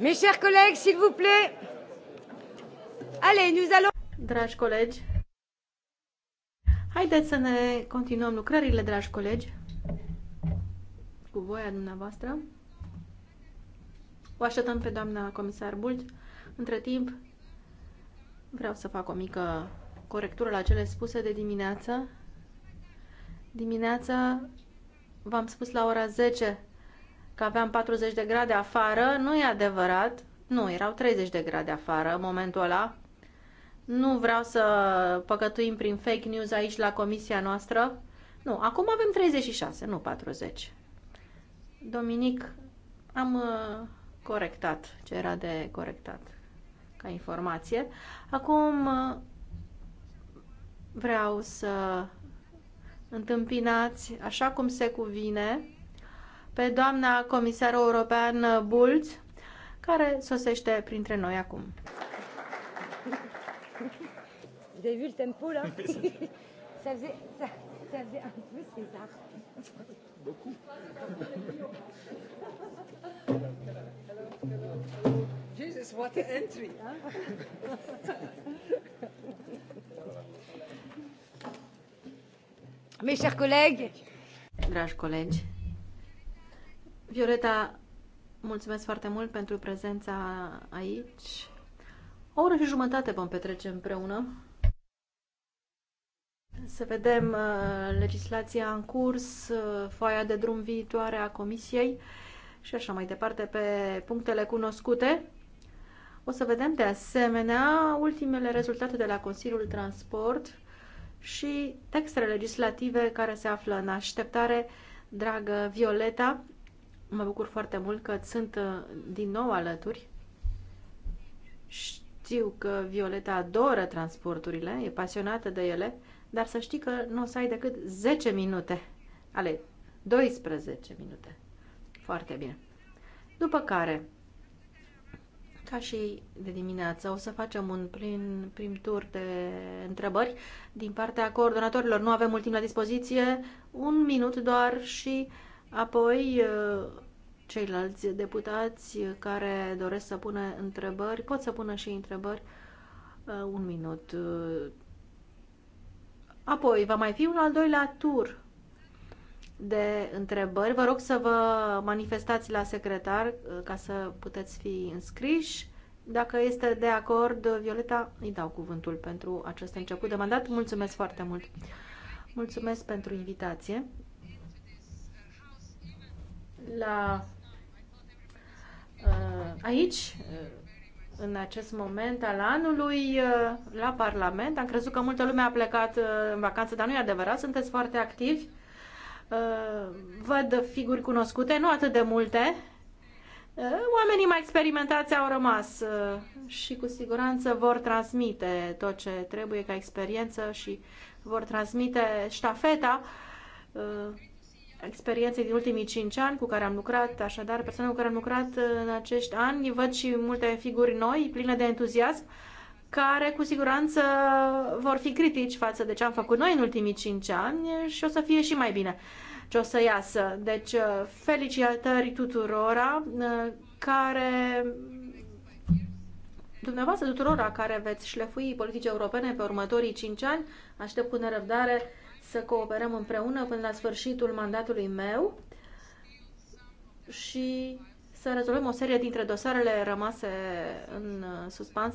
Mes chers collègues, s'il vous plaît. Allez, nous allons... Dragi colegi, haideți să ne continuăm lucrările, dragi colegi, cu voia dumneavoastră. O așteptăm pe doamna comisar Bult. Între timp, vreau să fac o mică corectură la cele spuse de dimineață. Dimineața v-am spus la ora 10 că aveam 40 de grade afară, nu e adevărat. Nu, erau 30 de grade afară în momentul ăla. Nu vreau să păcătuim prin fake news aici la comisia noastră. Nu, acum avem 36, nu 40. Dominic, am uh, corectat ce era de corectat ca informație. Acum uh, vreau să întâmpinați așa cum se cuvine pe doamna comisară european Bulț, care sosește printre noi acum. Vous avez vu le tempo là Ça faisait, ça, ça faisait un peu César. Beaucoup. Jesus, what an entry! Mes chers collègues, dragi colegi, Violeta, mulțumesc foarte mult pentru prezența aici. O oră și jumătate vom petrece împreună. Să vedem uh, legislația în curs, uh, foaia de drum viitoare a Comisiei și așa mai departe pe punctele cunoscute. O să vedem de asemenea ultimele rezultate de la Consiliul Transport și textele legislative care se află în așteptare. Dragă Violeta, Mă bucur foarte mult că sunt uh, din nou alături. Știu că Violeta adoră transporturile, e pasionată de ele, dar să știi că nu o să ai decât 10 minute, ale 12 minute. Foarte bine. După care, ca și de dimineață, o să facem un prim, prim tur de întrebări din partea coordonatorilor. Nu avem mult timp la dispoziție, un minut doar și uh, Apoi, uh, ceilalți deputați care doresc să pună întrebări, pot să pună și întrebări. Uh, un minut. Uh, apoi, va mai fi un al doilea tur de întrebări. Vă rog să vă manifestați la secretar ca să puteți fi înscriși. Dacă este de acord, Violeta, îi dau cuvântul pentru acest început de mandat. Mulțumesc foarte mult! Mulțumesc pentru invitație la uh, aici, uh, în acest moment al anului, uh, la Parlament. Am crezut că multă lume a plecat în vacanță, dar nu e adevărat, sunteți foarte activi. Văd figuri cunoscute, nu atât de multe. Oamenii mai experimentați au rămas și cu siguranță vor transmite tot ce trebuie ca experiență și vor transmite ștafeta experienței din ultimii cinci ani cu care am lucrat, așadar persoane cu care am lucrat în acești ani, văd și multe figuri noi, pline de entuziasm, care cu siguranță vor fi critici față de ce am făcut noi în ultimii cinci ani și o să fie și mai bine ce o să iasă. Deci, felicitări tuturora care dumneavoastră tuturora care veți șlefui politici europene pe următorii cinci ani. Aștept cu nerăbdare să cooperăm împreună până la sfârșitul mandatului meu și să rezolvăm o serie dintre dosarele rămase în uh, suspans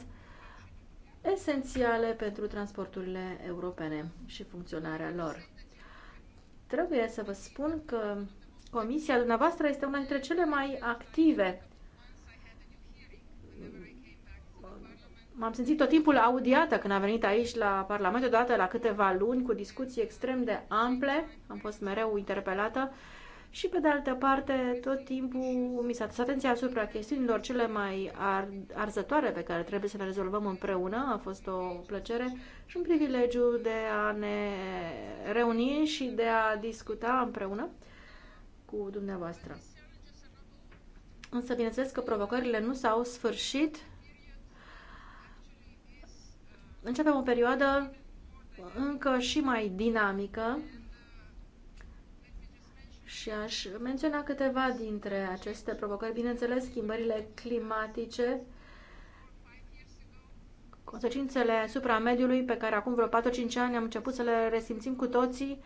esențiale pentru transporturile europene și funcționarea lor. Trebuie să vă spun că comisia dumneavoastră este una dintre cele mai active M-am simțit tot timpul audiată când am venit aici la Parlament, odată la câteva luni, cu discuții extrem de ample, am fost mereu interpelată și, pe de altă parte, tot timpul mi s-a atras atenția asupra chestiunilor cele mai ar, arzătoare pe care trebuie să le rezolvăm împreună. A fost o plăcere și un privilegiu de a ne reuni și de a discuta împreună cu dumneavoastră. Însă, bineînțeles că provocările nu s-au sfârșit începem o perioadă încă și mai dinamică și aș menționa câteva dintre aceste provocări. Bineînțeles, schimbările climatice, consecințele asupra mediului pe care acum vreo 4-5 ani am început să le resimțim cu toții,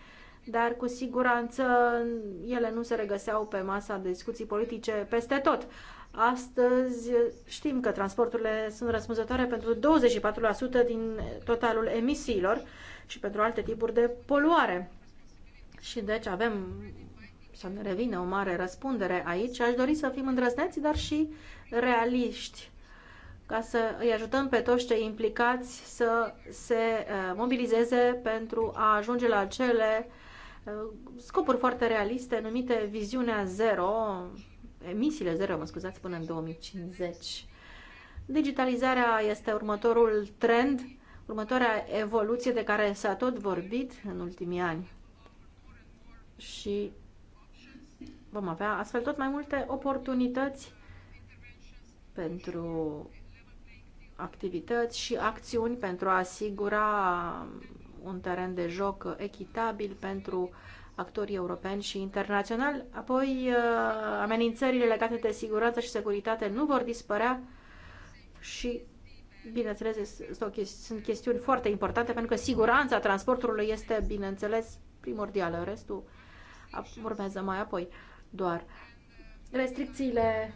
dar cu siguranță ele nu se regăseau pe masa de discuții politice peste tot. Astăzi știm că transporturile sunt răspunzătoare pentru 24% din totalul emisiilor și pentru alte tipuri de poluare. Și deci avem să ne revină o mare răspundere aici. Aș dori să fim îndrăzneți, dar și realiști ca să îi ajutăm pe toți cei implicați să se eh, mobilizeze pentru a ajunge la cele eh, scopuri foarte realiste numite viziunea zero emisiile zero, mă scuzați, până în 2050. Digitalizarea este următorul trend, următoarea evoluție de care s-a tot vorbit în ultimii ani. Și vom avea astfel tot mai multe oportunități pentru activități și acțiuni pentru a asigura un teren de joc echitabil pentru uh, actorii europeni și internaționali. Apoi, uh, amenințările legate de siguranță și securitate nu vor dispărea și, bineînțeles, sunt chestiuni foarte importante pentru că siguranța transportului este, bineînțeles, primordială. Restul urmează mai apoi doar. Restricțiile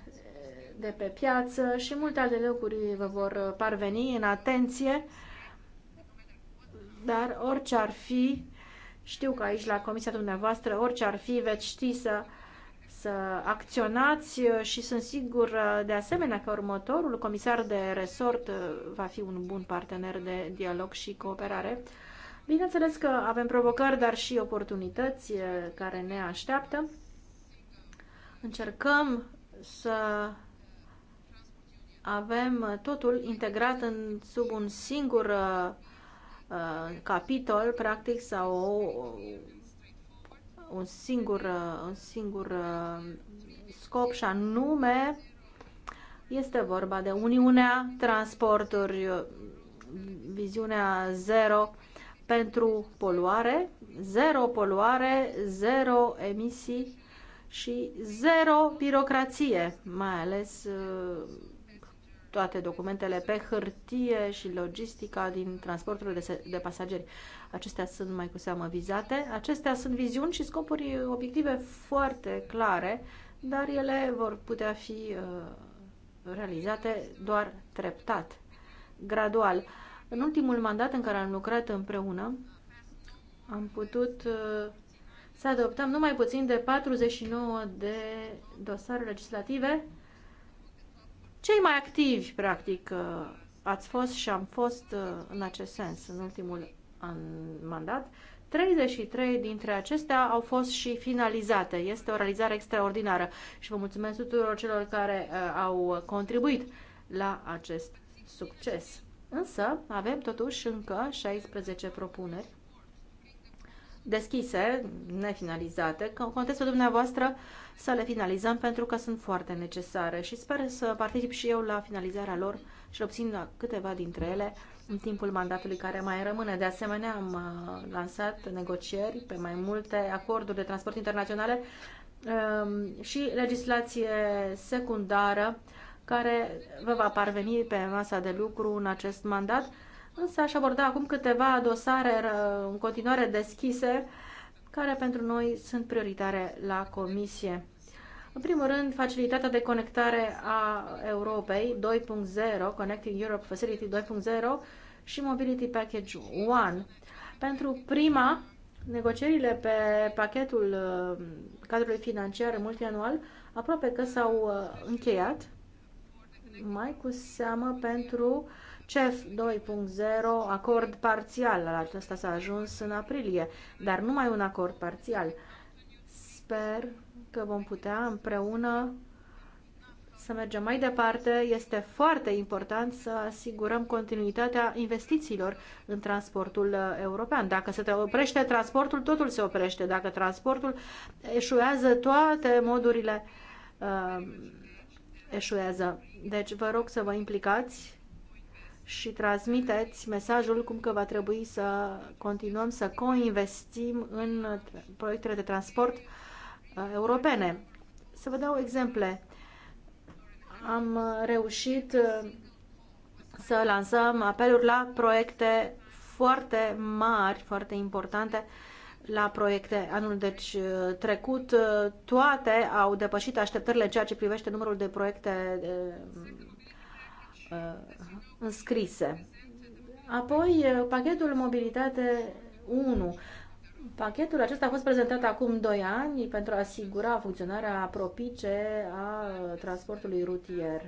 de pe piață și multe alte lucruri vă vor parveni în atenție, dar orice ar fi, știu că aici, la comisia dumneavoastră, orice ar fi, veți ști să, să acționați uh, și sunt sigur uh, de asemenea că următorul comisar de resort uh, va fi un bun partener de dialog și cooperare. Bineînțeles că avem provocări, dar și oportunități care ne așteaptă. Încercăm să avem totul integrat în, sub un singur Uh, capitol, practic, sau o, un singur, uh, un singur uh, scop și anume este vorba de Uniunea Transporturi, viziunea zero pentru poluare, zero poluare, zero emisii și zero birocrație, mai ales toate documentele pe hârtie și logistica din transportul de, de pasageri. Acestea sunt mai cu seamă vizate. Acestea sunt viziuni și scopuri obiective foarte clare, dar ele vor putea fi uh, realizate doar treptat, gradual. În ultimul mandat în care am lucrat împreună, am putut uh, să adoptăm numai puțin de 49 de dosare legislative cei mai activi, practic, uh, ați fost și am fost uh, în acest sens în ultimul an mandat. 33 dintre acestea au fost și finalizate. Este o realizare extraordinară și vă mulțumesc tuturor celor care uh, au contribuit la acest succes. Însă avem totuși încă 16 propuneri deschise, nefinalizate, contestul dumneavoastră să le finalizăm pentru că sunt foarte necesare și sper să particip și eu la finalizarea lor și obțin câteva dintre ele în timpul mandatului care mai rămâne. De asemenea, am uh, lansat negocieri pe mai multe acorduri de transport internaționale um, și legislație secundară care vă va parveni pe masa de lucru în acest mandat. Însă aș aborda acum câteva dosare în continuare deschise, care pentru noi sunt prioritare la Comisie. În primul rând, facilitatea de conectare a Europei 2.0, Connecting Europe Facility 2.0 și Mobility Package 1. Pentru prima, negocierile pe pachetul uh, cadrului financiar multianual aproape că s-au uh, încheiat, mai cu seamă pentru uh, CEF 2.0, acord parțial, la acesta s-a ajuns în aprilie, dar numai un acord parțial. Sper că vom putea împreună să mergem mai departe. Este foarte important să asigurăm continuitatea investițiilor în transportul uh, european. Dacă se oprește transportul, totul se oprește. Dacă transportul eșuează, toate modurile uh, eșuează. Deci vă rog să vă implicați și transmiteți mesajul cum că va trebui să continuăm să coinvestim în proiectele de transport uh, europene. Să vă dau exemple. Am reușit uh, să lansăm apeluri la proiecte foarte mari, foarte importante, la proiecte anul deci uh, trecut. Toate au depășit așteptările în ceea ce privește numărul de proiecte înscrise. Apoi, eh, pachetul Mobilitate 1. Pachetul acesta a fost prezentat acum 2 ani pentru a asigura funcționarea propice a transportului rutier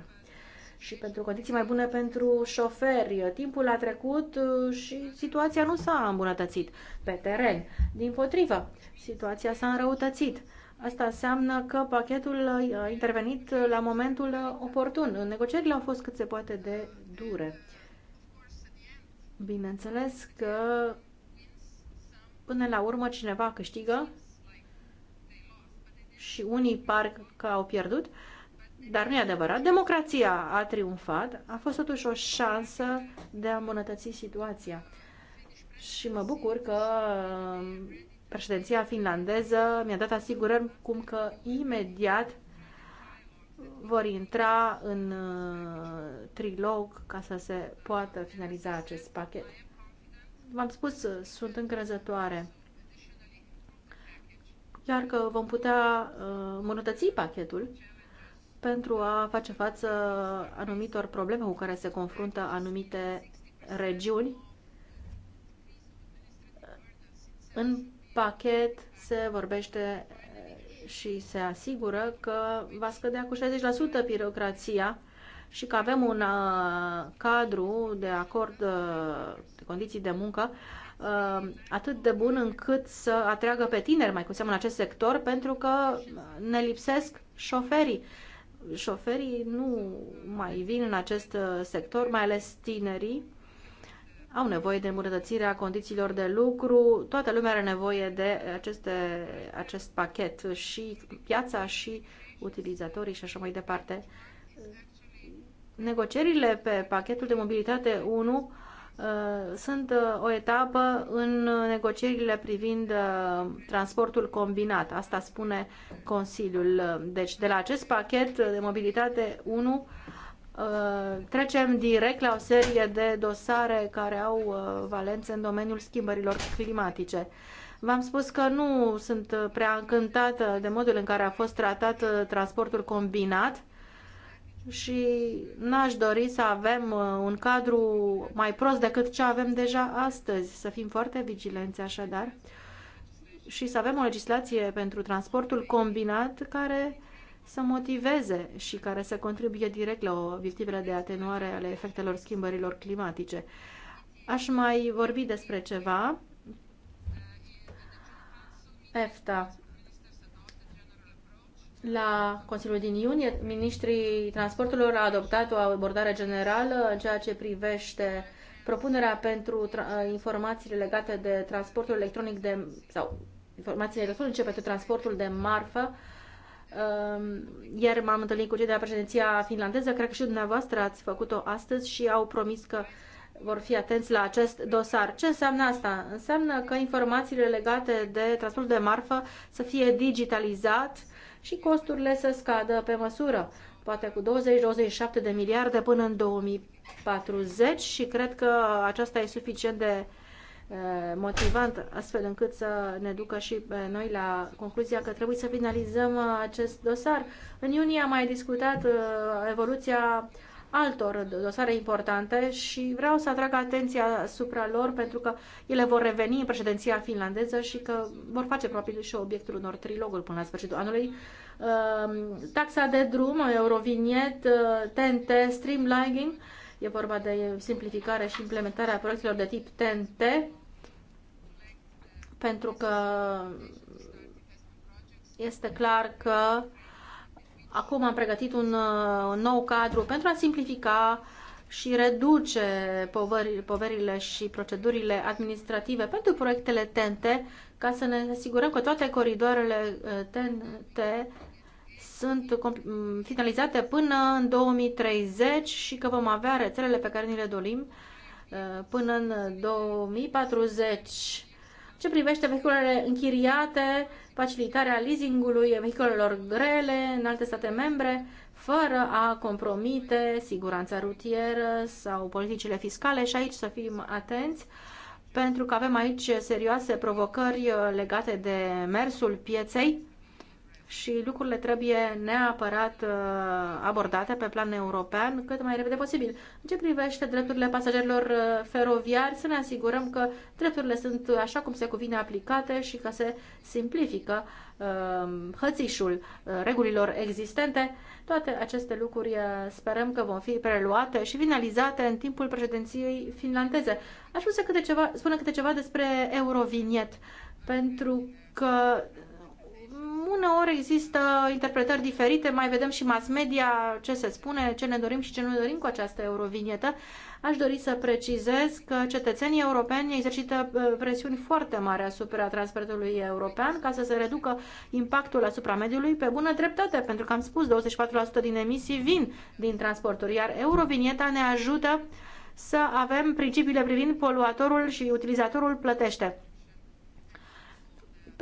și pentru condiții mai bune pentru șoferi. Timpul a trecut eh, și situația nu s-a îmbunătățit pe teren. Din potrivă, situația s-a înrăutățit. Asta înseamnă că pachetul a intervenit la momentul oportun. Negocierile au fost cât se poate de dure. Bineînțeles că până la urmă cineva câștigă și unii par că au pierdut, dar nu e adevărat. Democrația a triumfat, a fost totuși o șansă de a îmbunătăți situația. Și mă bucur că președinția finlandeză mi-a dat asigurări cum că imediat vor intra în uh, trilog ca să se poată finaliza acest pachet. V-am spus, uh, sunt încrezătoare. Chiar că vom putea uh, îmbunătăți pachetul pentru a face față anumitor probleme cu care se confruntă anumite regiuni în pachet se vorbește eh, și se asigură că va scădea cu 60% birocrația și că avem un eh, cadru de acord eh, de condiții de muncă atât de bun încât să atragă pe tineri, mai cu seamă în acest sector, pentru că ne lipsesc șoferii. Șoferii nu mai vin în acest sector, mai ales tinerii au nevoie de îmbunătățirea condițiilor de lucru, toată lumea are nevoie de aceste, acest pachet și piața și utilizatorii și așa mai departe. Negocierile pe pachetul de mobilitate 1 uh, sunt uh, o etapă în negocierile privind uh, transportul combinat. Asta spune Consiliul. Deci, de la acest pachet de mobilitate 1 Uh, trecem direct la o serie de dosare care au uh, valențe în domeniul schimbărilor climatice. V-am spus că nu sunt prea încântată de modul în care a fost tratat uh, transportul combinat și n-aș dori să avem un cadru mai prost decât ce avem deja astăzi, să fim foarte vigilenți așadar și să avem o legislație pentru transportul combinat care să motiveze și care să contribuie direct la obiectivă de atenuare ale efectelor schimbărilor climatice. Aș mai vorbi despre ceva. EFTA. La Consiliul din iunie, ministrii transporturilor a adoptat o abordare generală în ceea ce privește propunerea pentru informațiile legate de transportul electronic de, sau informațiile electronice pentru transportul de marfă Um, ieri m-am întâlnit cu cei de la președinția finlandeză, cred că și dumneavoastră ați făcut-o astăzi și au promis că vor fi atenți la acest dosar. Ce înseamnă asta? Înseamnă că informațiile legate de transportul de marfă să fie digitalizat și costurile să scadă pe măsură, poate cu 20-27 de miliarde până în 2040 și cred că aceasta e suficient de Uh, motivant, astfel încât să ne ducă și pe noi la concluzia că trebuie să finalizăm uh, acest dosar. În iunie am mai discutat uh, evoluția altor dosare importante și vreau să atrag atenția asupra lor pentru că ele vor reveni în președinția finlandeză și că vor face probabil și obiectul unor triloguri până la sfârșitul anului. Um, taxa de drum, Eurovignet, TNT, Streamlining, e vorba de simplificare și implementarea proiectelor de tip TNT, pentru că este clar că acum am pregătit un, un nou cadru pentru a simplifica și reduce poveri, poverile și procedurile administrative pentru proiectele TNT ca să ne asigurăm că toate coridoarele TNT uh, sunt finalizate până în 2030 și că vom avea rețelele pe care ni le dorim uh, până în 2040 ce privește vehiculele închiriate, facilitarea leasingului vehiculelor grele în alte state membre, fără a compromite siguranța rutieră sau politicile fiscale și aici să fim atenți pentru că avem aici serioase provocări legate de mersul pieței și lucrurile trebuie neapărat uh, abordate pe plan european cât mai repede posibil. În ce privește drepturile pasagerilor uh, feroviari, să ne asigurăm că drepturile sunt așa cum se cuvine aplicate și că se simplifică uh, hățișul regulilor existente. Toate aceste lucruri sperăm că vom fi preluate și finalizate în timpul președinției finlandeze. Aș vrea să câte ceva, spune câte ceva despre Eurovignet, pentru că uneori există interpretări diferite, mai vedem și mass media ce se spune, ce ne dorim și ce nu dorim cu această eurovinietă. Aș dori să precizez că cetățenii europeni exercită uh, presiuni foarte mari asupra transportului european ca să se reducă impactul asupra mediului pe bună dreptate, pentru că am spus 24% din emisii vin din transporturi, iar eurovinieta ne ajută să avem principiile privind poluatorul și utilizatorul plătește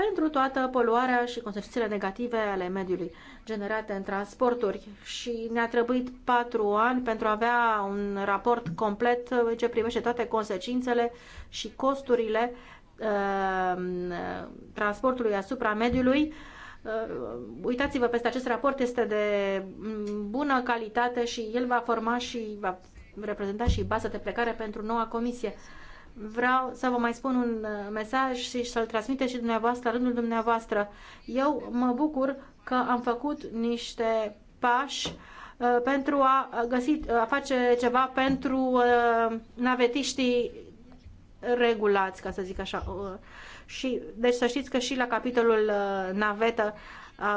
pentru toată poluarea și consecințele negative ale mediului generate în transporturi și ne-a trebuit patru ani pentru a avea un raport complet ce privește toate consecințele și costurile uh, transportului asupra mediului. Uh, uitați-vă peste acest raport, este de bună calitate și el va forma și va reprezenta și baza de plecare pentru noua comisie vreau să vă mai spun un uh, mesaj și să-l transmite și dumneavoastră, rândul dumneavoastră. Eu mă bucur că am făcut niște pași uh, pentru a găsi, uh, a face ceva pentru navetiștii regulați, ca să zic așa. Și, deci să știți că și la capitolul navetă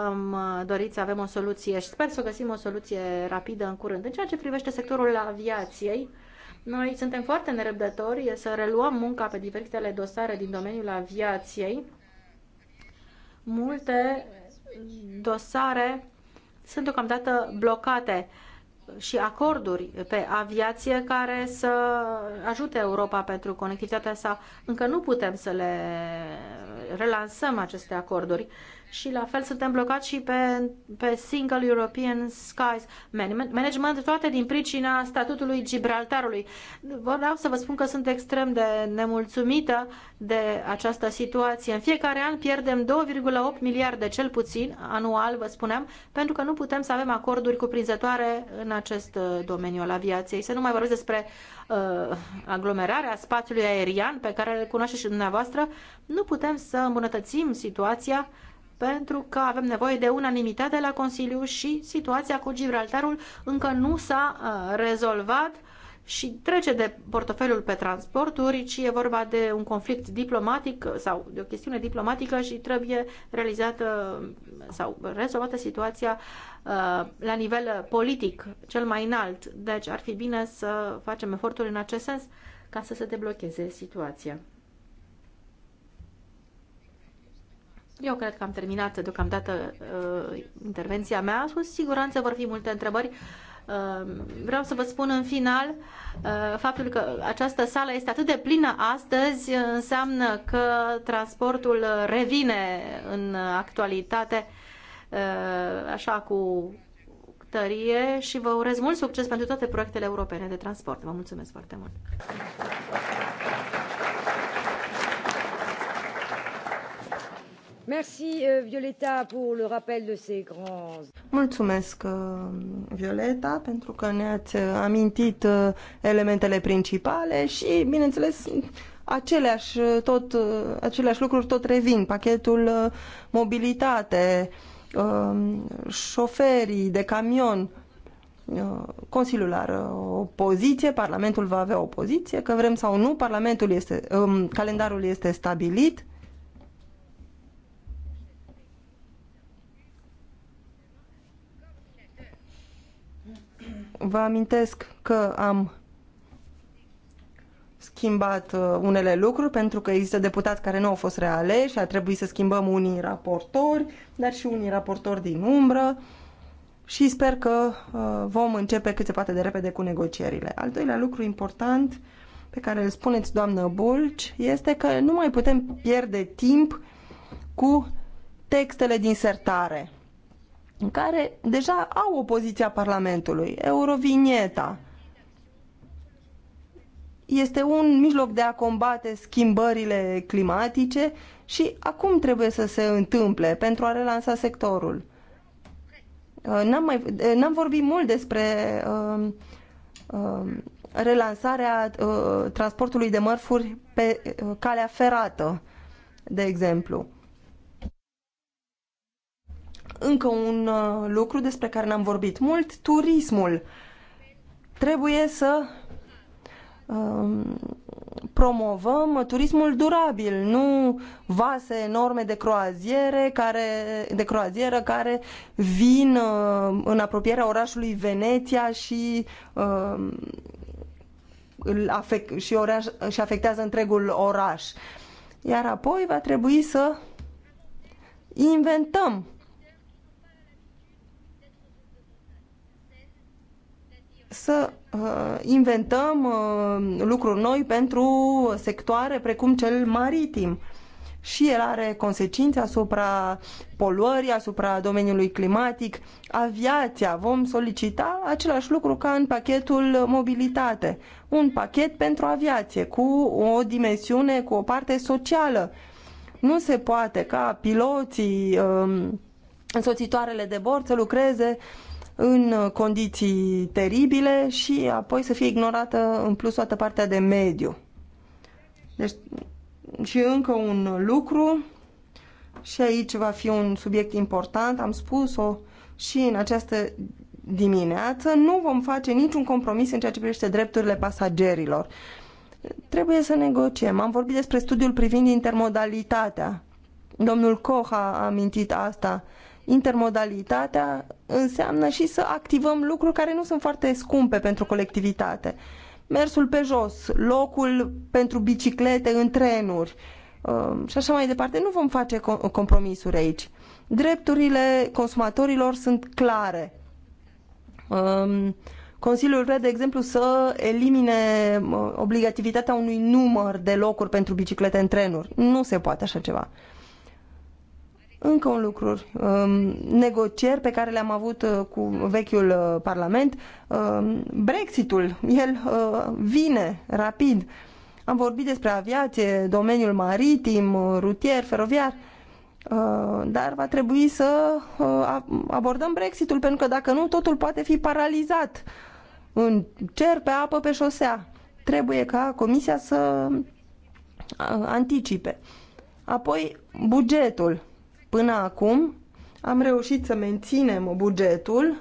am dorit să avem o soluție și sper să găsim o soluție rapidă în curând. În ceea ce privește sectorul aviației, noi suntem foarte nerăbdători să reluăm munca pe diferitele dosare din domeniul aviației. Multe dosare sunt deocamdată blocate și acorduri pe aviație care să ajute Europa pentru conectivitatea sa. Încă nu putem să le relansăm aceste acorduri și la fel suntem blocați și pe, pe Single European Skies Management, toate din pricina statutului Gibraltarului. Vreau să vă spun că sunt extrem de nemulțumită de această situație. În fiecare an pierdem 2,8 miliarde cel puțin anual, vă spuneam, pentru că nu putem să avem acorduri cuprinzătoare în acest uh, domeniu al aviației. Să nu mai vorbesc despre uh, aglomerarea spațiului aerian pe care îl cunoaște și dumneavoastră. Nu putem să îmbunătățim situația pentru că avem nevoie de unanimitate la Consiliu și situația cu Gibraltarul încă nu s-a uh, rezolvat și trece de portofelul pe transporturi, ci e vorba de un conflict diplomatic sau de o chestiune diplomatică și trebuie realizată uh, sau rezolvată situația uh, la nivel politic, cel mai înalt. Deci ar fi bine să facem eforturi în acest sens ca să se deblocheze situația. Eu cred că am terminat deocamdată uh, intervenția mea. Cu siguranță vor fi multe întrebări. Uh, vreau să vă spun în final uh, faptul că această sală este atât de plină astăzi înseamnă că transportul revine în actualitate uh, așa cu tărie și vă urez mult succes pentru toate proiectele europene de transport. Vă mulțumesc foarte mult! Merci, euh, Violeta, pour le rappel de ces grands... Mulțumesc, uh, Violeta, pentru că ne-ați uh, amintit uh, elementele principale și, bineînțeles, aceleași, tot, aceleași lucruri tot revin. Pachetul mobilitate, um, șoferii de camion, Consiliul are o poziție, Parlamentul va avea o poziție, că vrem sau nu, Parlamentul este, um, calendarul este stabilit, Vă amintesc că am schimbat uh, unele lucruri pentru că există deputați care nu au fost reale și a trebuit să schimbăm unii raportori, dar și unii raportori din umbră și sper că uh, vom începe cât se poate de repede cu negocierile. Al doilea lucru important pe care îl spuneți, doamnă Bulci, este că nu mai putem pierde timp cu textele din sertare care deja au opoziția Parlamentului, Eurovinieta, este un mijloc de a combate schimbările climatice și acum trebuie să se întâmple pentru a relansa sectorul. Uh, n-am, mai, uh, n-am vorbit mult despre uh, uh, relansarea uh, transportului de mărfuri pe uh, calea ferată, de exemplu. Încă un uh, lucru despre care n-am vorbit mult, turismul. Trebuie să um, promovăm turismul durabil, nu vase enorme de croaziere care, de croazieră care vin uh, în apropierea orașului Veneția și uh, îl afect, și, oraș, și afectează întregul oraș. Iar apoi va trebui să inventăm să uh, inventăm uh, lucruri noi pentru sectoare precum cel maritim. Și el are consecințe asupra poluării, asupra domeniului climatic, aviația. Vom solicita același lucru ca în pachetul mobilitate. Un pachet pentru aviație cu o dimensiune, cu o parte socială. Nu se poate ca piloții, um, însoțitoarele de bord să lucreze în uh, condiții teribile și apoi să fie ignorată în plus toată partea de mediu. Deci, și încă un lucru, și aici va fi un subiect important, am spus-o și în această dimineață, nu vom face niciun compromis în ceea ce privește drepturile pasagerilor. Trebuie să negociem. Am vorbit despre studiul privind intermodalitatea. Domnul Koch a amintit asta Intermodalitatea înseamnă și să activăm lucruri care nu sunt foarte scumpe pentru colectivitate. Mersul pe jos, locul pentru biciclete în trenuri um, și așa mai departe. Nu vom face compromisuri aici. Drepturile consumatorilor sunt clare. Um, Consiliul vrea, de exemplu, să elimine uh, obligativitatea unui număr de locuri pentru biciclete în trenuri. Nu se poate așa ceva. Încă un lucru, um, negocieri pe care le-am avut uh, cu vechiul uh, Parlament, um, Brexitul, el uh, vine rapid. Am vorbit despre aviație, domeniul maritim, rutier, feroviar, dar va trebui să abordăm Brexitul, pentru că dacă nu, totul poate fi paralizat în cer, pe apă, pe șosea. Trebuie ca Comisia să anticipe. Apoi, bugetul. Până acum am reușit să menținem bugetul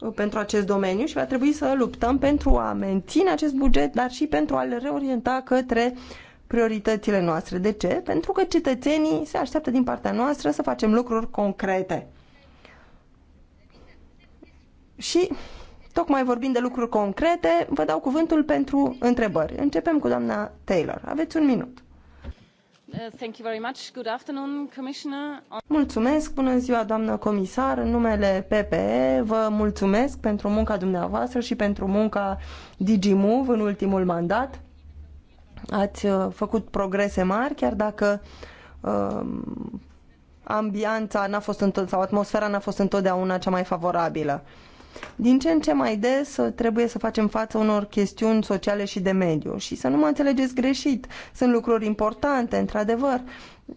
uh, pentru acest domeniu și va trebui să luptăm pentru a menține acest buget, dar și pentru a-l reorienta către prioritățile noastre. De ce? Pentru că cetățenii se așteaptă din partea noastră să facem lucruri concrete. Și tocmai vorbind de lucruri concrete, vă dau cuvântul pentru întrebări. Începem cu doamna Taylor. Aveți un minut. Uh, mulțumesc, bună ziua, doamnă comisar. În numele PPE vă mulțumesc pentru munca dumneavoastră și pentru munca DigiMove în ultimul mandat. Ați uh, făcut progrese mari, chiar dacă uh, ambianța n-a fost sau atmosfera n-a fost întotdeauna cea mai favorabilă. Uh, din ce în ce mai des uh, trebuie să facem față unor chestiuni sociale și de mediu și să nu mă înțelegeți greșit. Sunt lucruri importante, într-adevăr,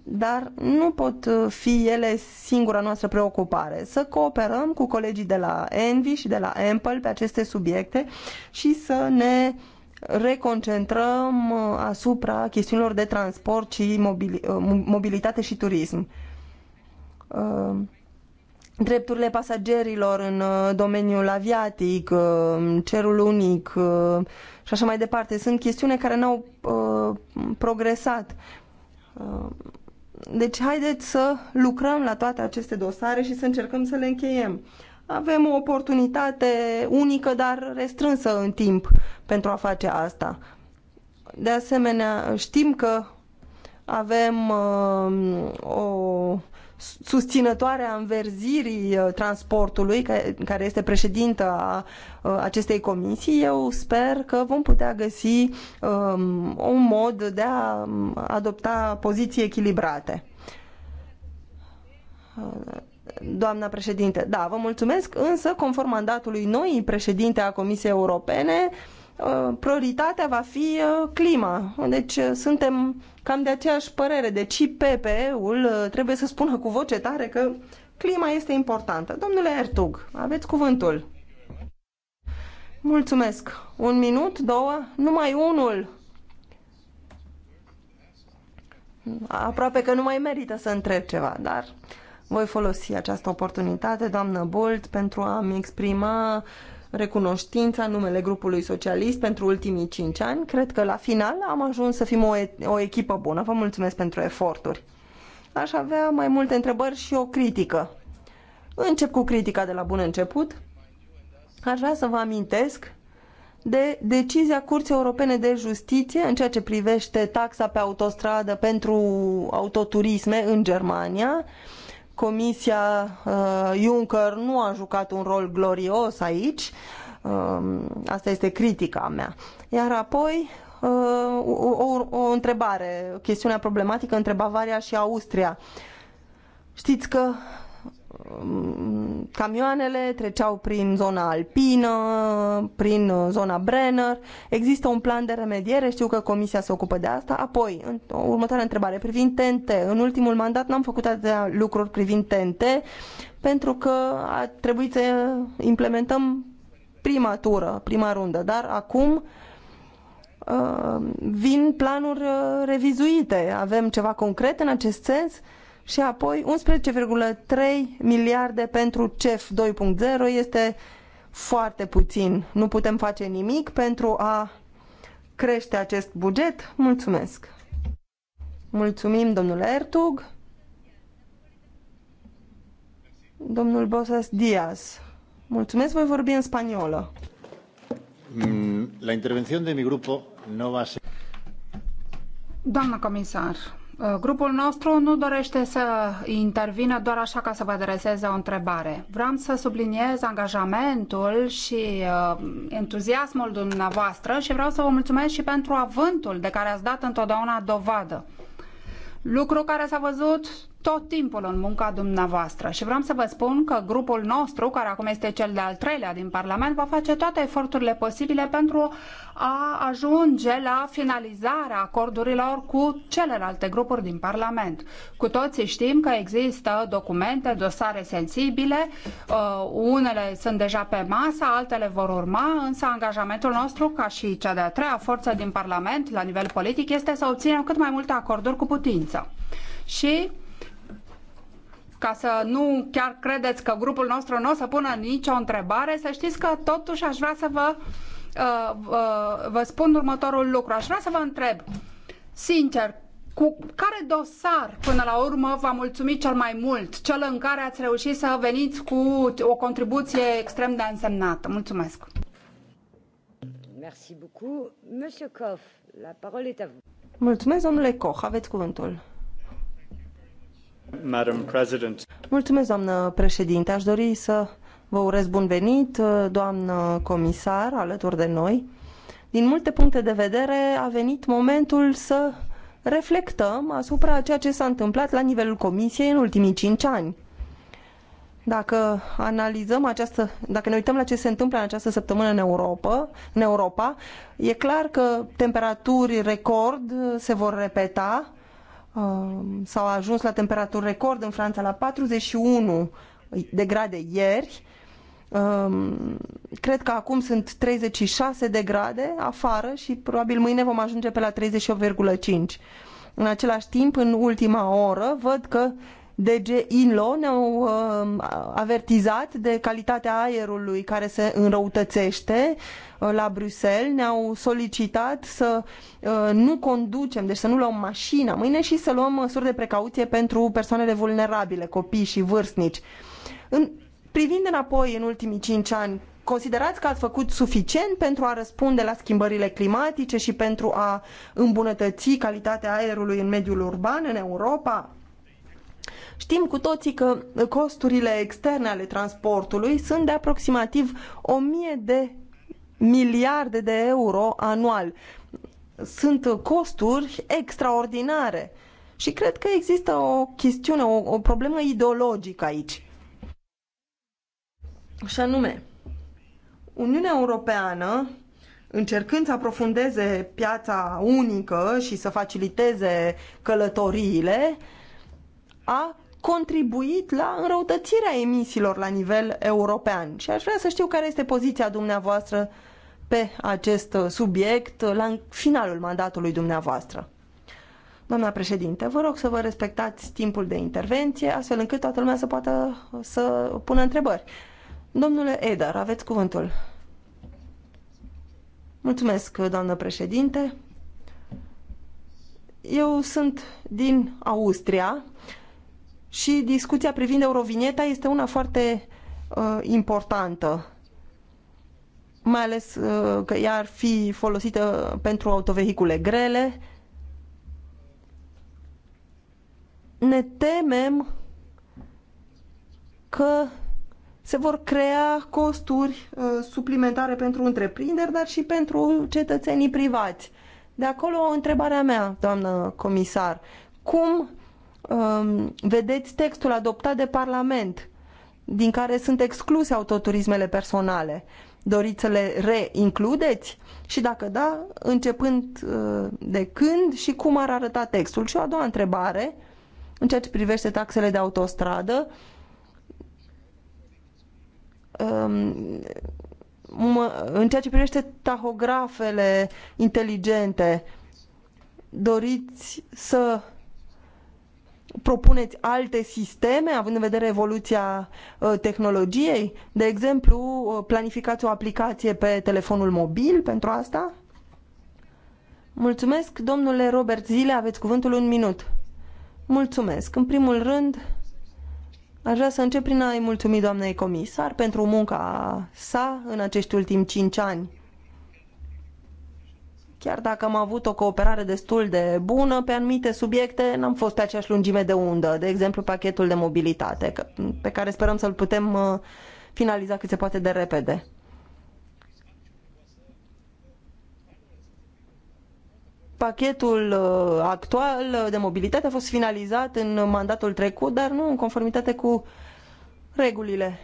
dar nu pot uh, fi ele singura noastră preocupare. Să cooperăm cu colegii de la Envi și de la Ample pe aceste subiecte și să ne reconcentrăm uh, asupra chestiunilor de transport și mobilitate și turism drepturile pasagerilor în uh, domeniul aviatic, uh, cerul unic uh, și așa mai departe. Sunt chestiune care n-au progresat. Deci haideți să lucrăm la toate aceste dosare și să încercăm să le încheiem. Avem o oportunitate unică, dar restrânsă în timp pentru a face asta. De asemenea, știm că avem uh, o susținătoare a înverzirii uh, transportului, care este președintă a uh, acestei comisii, eu sper că vom putea găsi um, un mod de a um, adopta poziții echilibrate. Uh, doamna președinte, da, vă mulțumesc, însă, conform mandatului noii președinte a Comisiei Europene, Uh, prioritatea va fi uh, clima. Deci uh, suntem cam de aceeași părere. Deci și PPE-ul trebuie să spună cu voce tare că clima este importantă. Domnule Ertug, aveți cuvântul. Mulțumesc. Un minut, două, numai unul. Aproape că nu mai merită să întreb ceva, dar voi folosi această oportunitate, doamnă Bolt, pentru a-mi exprima uh, recunoștința numele grupului socialist pentru ultimii cinci ani. Cred că la final am ajuns să fim o, o echipă bună. Vă mulțumesc pentru eforturi. Aș avea mai multe întrebări și o critică. Încep cu critica de la bun început. Aș vrea să vă amintesc de decizia Curții Europene de Justiție în ceea ce privește taxa pe autostradă pentru autoturisme în Germania, Comisia uh, Juncker nu a jucat un rol glorios aici. Um, asta este critica mea. Iar apoi uh, o, o, o întrebare, chestiunea problematică între Bavaria și Austria. Știți că camioanele treceau prin zona alpină, prin uh, zona Brenner. Există un plan de remediere, știu că comisia se ocupă de asta. Apoi, următoarea întrebare privind TNT. În ultimul mandat n-am făcut atâtea lucruri privind TNT pentru că a trebuit să implementăm prima tură, prima rundă, dar acum uh, vin planuri uh, revizuite. Avem ceva concret în acest sens? și apoi 11,3 miliarde pentru CEF 2.0 este foarte puțin. Nu putem face nimic pentru a crește acest buget. Mulțumesc! Mulțumim, domnule Ertug. Domnul Bosas Diaz. Mulțumesc, voi vorbi în spaniolă. Mm, la intervenție de mi grupo nu va ser... Doamna comisar, Uh, grupul nostru nu dorește să intervină doar așa ca să vă adreseze o întrebare. Vreau să subliniez angajamentul și uh, entuziasmul dumneavoastră și vreau să vă mulțumesc și pentru avântul de care ați dat întotdeauna dovadă. Lucru care s-a văzut tot timpul în munca dumneavoastră și vreau să vă spun că grupul nostru, care acum este cel de-al treilea din Parlament, va face toate eforturile posibile pentru a ajunge la finalizarea acordurilor cu celelalte grupuri din Parlament. Cu toții știm că există documente, dosare sensibile, uh, unele sunt deja pe masă, altele vor urma, însă angajamentul nostru, ca și cea de-a treia forță din Parlament, la nivel politic, este să obținem cât mai multe acorduri cu putință. Și ca să nu chiar credeți că grupul nostru nu o să pună nicio întrebare, să știți că totuși aș vrea să vă, uh, uh, vă spun următorul lucru. Aș vrea să vă întreb, sincer, cu care dosar până la urmă v-a mulțumit cel mai mult? Cel în care ați reușit să veniți cu o contribuție extrem de însemnată? Mulțumesc! Merci beaucoup. Monsieur Koff, la parole est à vous. Mulțumesc, domnule Koch. Aveți cuvântul. Madam President. Mulțumesc, doamnă președinte. Aș dori să vă urez bun venit, doamnă comisar, alături de noi. Din multe puncte de vedere a venit momentul să reflectăm asupra ceea ce s-a întâmplat la nivelul comisiei în ultimii cinci ani. Dacă analizăm această, dacă ne uităm la ce se întâmplă în această săptămână în Europa, în Europa, e clar că temperaturi record se vor repeta, Um, s-au ajuns la temperaturi record în Franța la 41 de grade ieri. Um, cred că acum sunt 36 de grade afară și probabil mâine vom ajunge pe la 38,5. În același timp, în ultima oră, văd că DG Inlo ne-au um, avertizat de calitatea aerului care se înrăutățește uh, la Bruxelles, ne-au solicitat să uh, nu conducem, deci să nu luăm mașina mâine și să luăm măsuri de precauție pentru persoanele vulnerabile, copii și vârstnici. În, privind înapoi în ultimii cinci ani, considerați că ați făcut suficient pentru a răspunde la schimbările climatice și pentru a îmbunătăți calitatea aerului în mediul urban în Europa? Știm cu toții că costurile externe ale transportului sunt de aproximativ 1000 de miliarde de euro anual. Sunt costuri extraordinare și cred că există o chestiune, o, o problemă ideologică aici. Și anume, Uniunea Europeană, încercând să aprofundeze piața unică și să faciliteze călătoriile, uh, a contribuit la înrăutățirea emisiilor la nivel european. Și aș vrea să știu care este poziția dumneavoastră pe acest uh, subiect uh, la finalul mandatului dumneavoastră. Doamna președinte, vă rog să vă respectați timpul de intervenție, astfel încât toată lumea să poată uh, să pună întrebări. Domnule Edar, aveți cuvântul. Mulțumesc, doamnă președinte. Eu sunt din Austria și discuția privind eurovineta este una foarte uh, importantă, mai ales uh, că ea ar fi folosită pentru autovehicule grele. Ne temem că se vor crea costuri uh, suplimentare pentru întreprinderi, dar și pentru cetățenii privați. De acolo întrebarea mea, doamnă comisar. Cum um, vedeți textul adoptat de Parlament, din care sunt excluse autoturismele personale. Doriți să le reincludeți? Și dacă da, începând uh, de când și cum ar arăta textul? Și o a doua întrebare, în ceea ce privește taxele de autostradă, um, în ceea ce privește tahografele inteligente, doriți să propuneți alte sisteme, având în vedere evoluția uh, tehnologiei? De exemplu, uh, planificați o aplicație pe telefonul mobil pentru asta? Mulțumesc, domnule Robert Zile, aveți cuvântul un minut. Mulțumesc. În primul rând, aș vrea să încep prin a-i mulțumi doamnei comisar pentru munca sa în acești ultimi cinci ani. Chiar dacă am avut o cooperare destul de bună pe anumite subiecte, n-am fost pe aceeași lungime de undă, de exemplu pachetul de mobilitate, pe care sperăm să-l putem uh, finaliza cât se poate de repede. pachetul uh, actual de mobilitate a fost finalizat în mandatul trecut, dar nu în conformitate cu regulile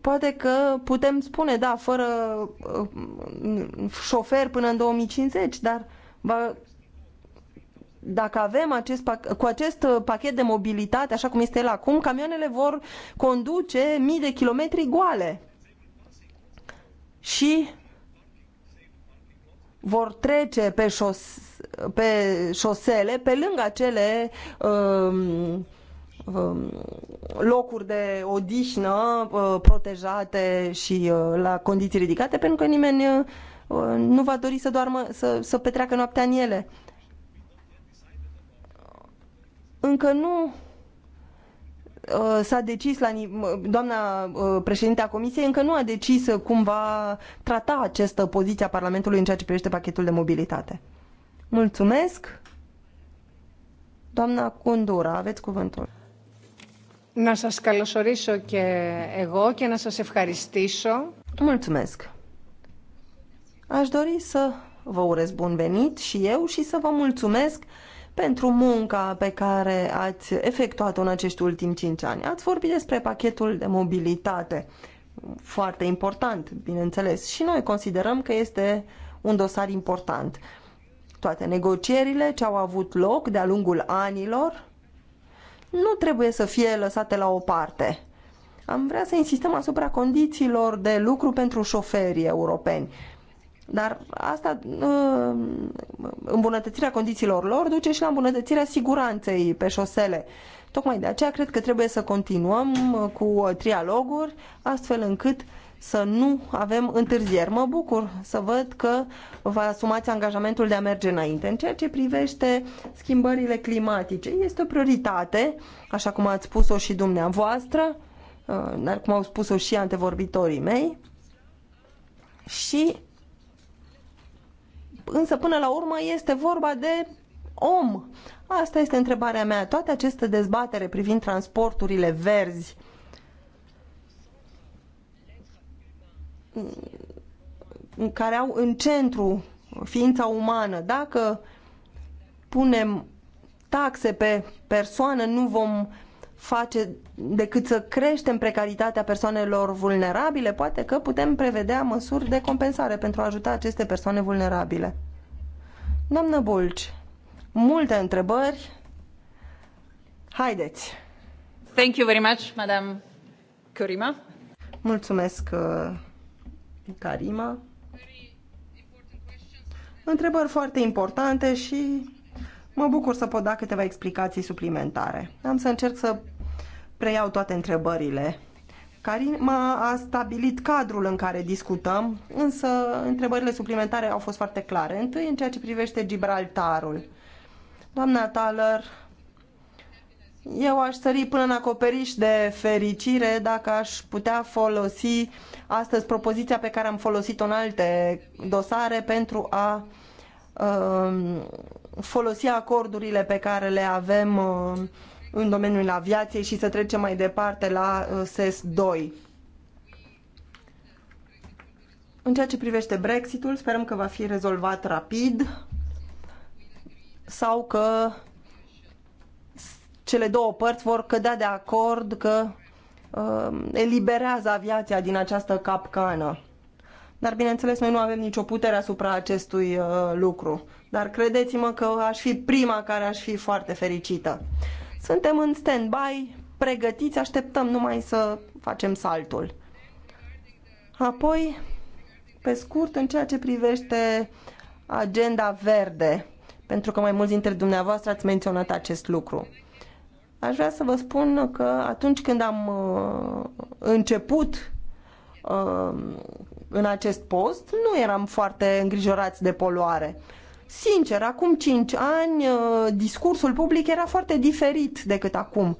poate că putem spune, da, fără uh, șofer până în 2050, dar va, dacă avem acest, cu acest uh, pachet de mobilitate, așa cum este el acum, camioanele vor conduce mii de kilometri goale. Și vor trece pe, șos, pe șosele, pe lângă acele uh, Um, locuri de odihnă uh, protejate și uh, la condiții ridicate, pentru că nimeni uh, nu va dori să doarmă, să, să petreacă noaptea în ele. Încă nu s-a decis la doamna președinte a Comisiei încă nu a decis cum va trata această poziție a Parlamentului în ceea ce privește pachetul de mobilitate. Mulțumesc. Doamna Condura, aveți cuvântul. Να σας καλωσορίσω και εγώ και να σας ευχαριστήσω. Mulțumesc. Aș dori să vă urez bun venit și eu și să vă mulțumesc pentru munca pe care ați efectuat-o în acești ultimi 5 ani. Ați vorbit despre pachetul de mobilitate, foarte important, bineînțeles, și noi considerăm că este un dosar important. Toate negocierile ce au avut loc de-a lungul anilor nu trebuie să fie lăsate la o parte. Am vrea să insistăm asupra condițiilor de lucru pentru șoferii europeni. Dar asta, uh, îmbunătățirea condițiilor lor duce și la îmbunătățirea siguranței pe șosele. Tocmai de aceea cred că trebuie să continuăm uh, cu trialoguri, astfel încât uh, să nu avem întârzieri. Mă bucur să văd că vă asumați angajamentul de a merge înainte. În ceea ce privește schimbările climatice, este o prioritate, așa cum ați spus-o și dumneavoastră, uh, dar cum au spus-o și antevorbitorii mei. Și însă până la urmă este vorba de om. Asta este întrebarea mea. Toate aceste dezbatere privind transporturile verzi, uh, care au în centru ființa umană. Dacă punem taxe pe persoană, nu vom face decât să creștem precaritatea persoanelor vulnerabile, poate că putem prevedea măsuri de compensare pentru a ajuta aceste persoane vulnerabile. Doamnă Bulci, multe întrebări. Haideți! Thank you very much, Madame Curima. Mulțumesc, uh, Karima. Întrebări foarte importante și mă bucur să pot da câteva explicații suplimentare. Am să încerc să preiau toate întrebările. Karima a stabilit cadrul în care discutăm, însă întrebările suplimentare au fost foarte clare. Întâi, în ceea ce privește Gibraltarul. Doamna Thaler, eu aș sări până în acoperiș de fericire dacă aș putea folosi astăzi propoziția pe care am folosit-o în alte dosare pentru a um, folosi acordurile pe care le avem um, în domeniul aviației și să trecem mai departe la uh, SES-2. În ceea ce privește Brexitul, sperăm că va fi rezolvat rapid sau că cele două părți vor cădea de acord că Um, eliberează aviația din această capcană. Dar, bineînțeles, noi nu avem nicio putere asupra acestui uh, lucru. Dar credeți-mă că aș fi prima care aș fi foarte fericită. Suntem în stand-by, pregătiți, așteptăm numai să facem saltul. Apoi, pe scurt, în ceea ce privește agenda verde, pentru că mai mulți dintre dumneavoastră ați menționat acest lucru. Aș vrea să vă spun că atunci când am uh, început uh, în acest post, nu eram foarte îngrijorați de poluare. Sincer, acum 5 ani uh, discursul public era foarte diferit decât acum.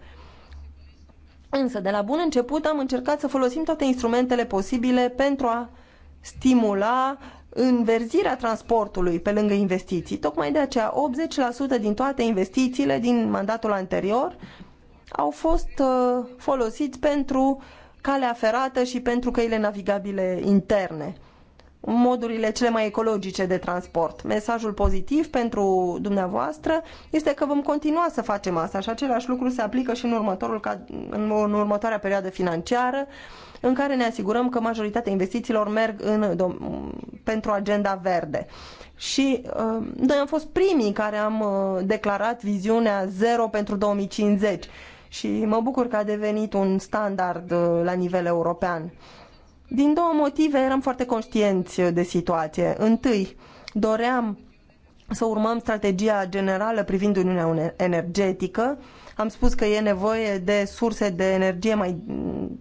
Însă, de la bun început am încercat să folosim toate instrumentele posibile pentru a stimula înverzirea transportului pe lângă investiții. Tocmai de aceea 80% din toate investițiile din mandatul anterior au fost uh, folosiți pentru calea ferată și pentru căile navigabile interne modurile cele mai ecologice de transport. Mesajul pozitiv pentru dumneavoastră este că vom continua să facem asta și același lucru se aplică și în, următorul, în următoarea perioadă financiară în care ne asigurăm că majoritatea investițiilor merg în, pentru agenda verde. Și uh, noi am fost primii care am uh, declarat viziunea zero pentru 2050 și mă bucur că a devenit un standard uh, la nivel european. Din două motive eram foarte conștienți de situație. Întâi, doream să urmăm strategia generală privind Uniunea Energetică. Am spus că e nevoie de surse de energie mai,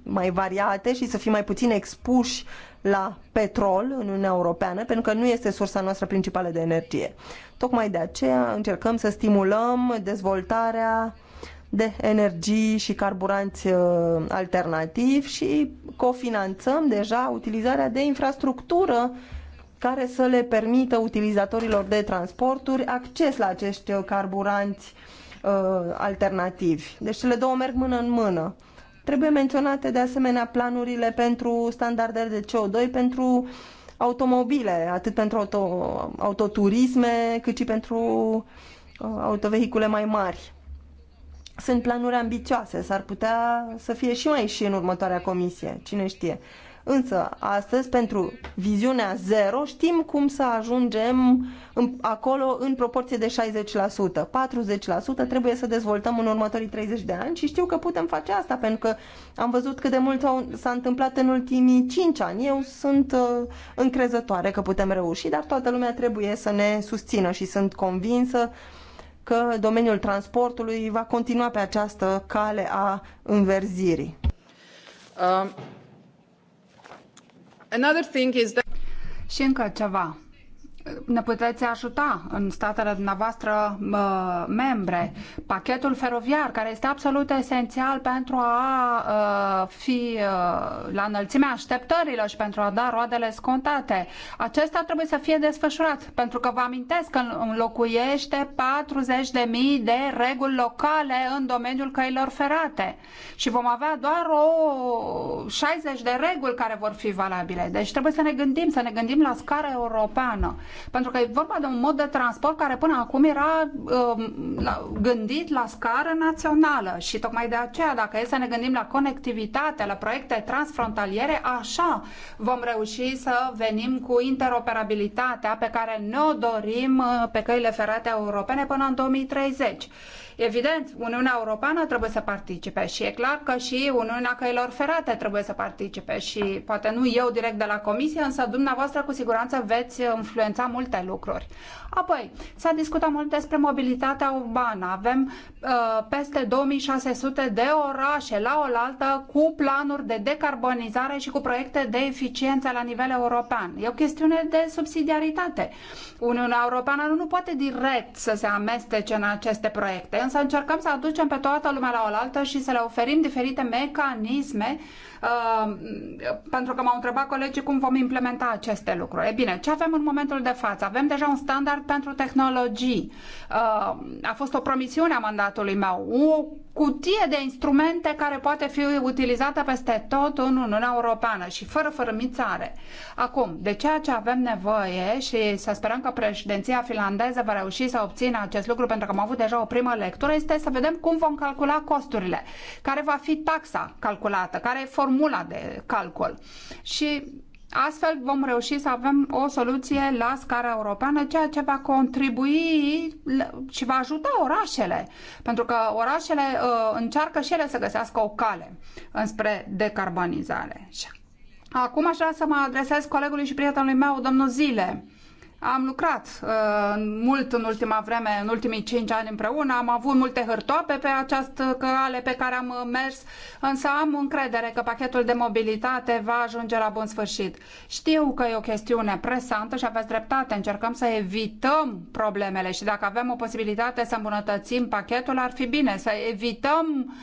mai variate și să fim mai puțin expuși la petrol în Uniunea Europeană, pentru că nu este sursa noastră principală de energie. Tocmai de aceea încercăm să stimulăm dezvoltarea uh, de energii și carburanți uh, alternativi și cofinanțăm deja utilizarea de infrastructură care să le permită utilizatorilor de transporturi acces la acești uh, carburanți uh, alternativi. Deci cele două merg mână în mână. Trebuie menționate de asemenea planurile pentru standardele de CO2 pentru automobile, atât pentru auto, autoturisme, cât și pentru autovehicule mai mari. Sunt planuri ambițioase, s-ar putea să fie și mai și în următoarea comisie, cine știe. Însă, astăzi, pentru viziunea zero, știm cum să ajungem în, acolo în proporție de 60%. 40% trebuie să dezvoltăm în următorii 30 de ani și știu că putem face asta, pentru că am văzut cât de mult s-a întâmplat în ultimii 5 ani. Eu sunt uh, încrezătoare că putem reuși, dar toată lumea trebuie să ne susțină și sunt convinsă uh, că domeniul transportului va continua pe această cale a înverzirii. Um, another thing is that... Și încă ceva ne puteți ajuta în statele dumneavoastră membre. Pachetul feroviar, care este absolut esențial pentru a uh, fi uh, la înălțimea așteptărilor și pentru a da roadele scontate. Acesta trebuie să fie desfășurat, pentru că vă amintesc că înlocuiește 40.000 de reguli locale în domeniul căilor ferate și vom avea doar o 60 de reguli care vor fi valabile. Deci trebuie să ne gândim, să ne gândim la scară europeană. Pentru că e vorba de un mod de transport care până acum era um, la, gândit la scară națională și tocmai de aceea, dacă e să ne gândim la conectivitate, la proiecte transfrontaliere, așa vom reuși să venim cu interoperabilitatea pe care ne-o dorim uh, pe căile ferate europene până în 2030. Evident, Uniunea Europeană trebuie să participe și e clar că și Uniunea Căilor Ferate trebuie să participe și poate nu eu direct de la Comisie, însă dumneavoastră cu siguranță veți influența multe lucruri. Apoi, s-a discutat mult despre mobilitatea urbană. Avem uh, peste 2600 de orașe la oaltă cu planuri de decarbonizare și cu proiecte de eficiență la nivel european. E o chestiune de subsidiaritate. Uniunea Europeană nu poate direct să se amestece în aceste proiecte, însă încercăm să aducem pe toată lumea la oaltă și să le oferim diferite mecanisme uh, pentru că m-au întrebat colegii cum vom implementa aceste lucruri. E bine, ce avem în momentul de față? Avem deja un standard miliard pentru tehnologii. Uh, a fost o promisiune a mandatului meu. O cutie de instrumente care poate fi utilizată peste tot în Uniunea Europeană și fără fărâmițare. Acum, de ceea ce avem nevoie și să sperăm că președinția finlandeză va reuși să obțină acest lucru pentru că am avut deja o primă lectură, este să vedem cum vom calcula costurile, care va fi taxa calculată, care e formula de calcul. Și Astfel vom reuși să avem o soluție la scară europeană, ceea ce va contribui și va ajuta orașele, pentru că orașele uh, încearcă și ele să găsească o cale înspre decarbonizare. Acum aș vrea să mă adresez colegului și prietenului meu, domnul Zile. Am lucrat uh, mult în ultima vreme, în ultimii cinci ani împreună, am avut multe hârtoape pe această cale pe care am mers, însă am încredere că pachetul de mobilitate va ajunge la bun sfârșit. Știu că e o chestiune presantă și aveți dreptate, încercăm să evităm problemele și dacă avem o posibilitate să îmbunătățim pachetul, ar fi bine să evităm uh,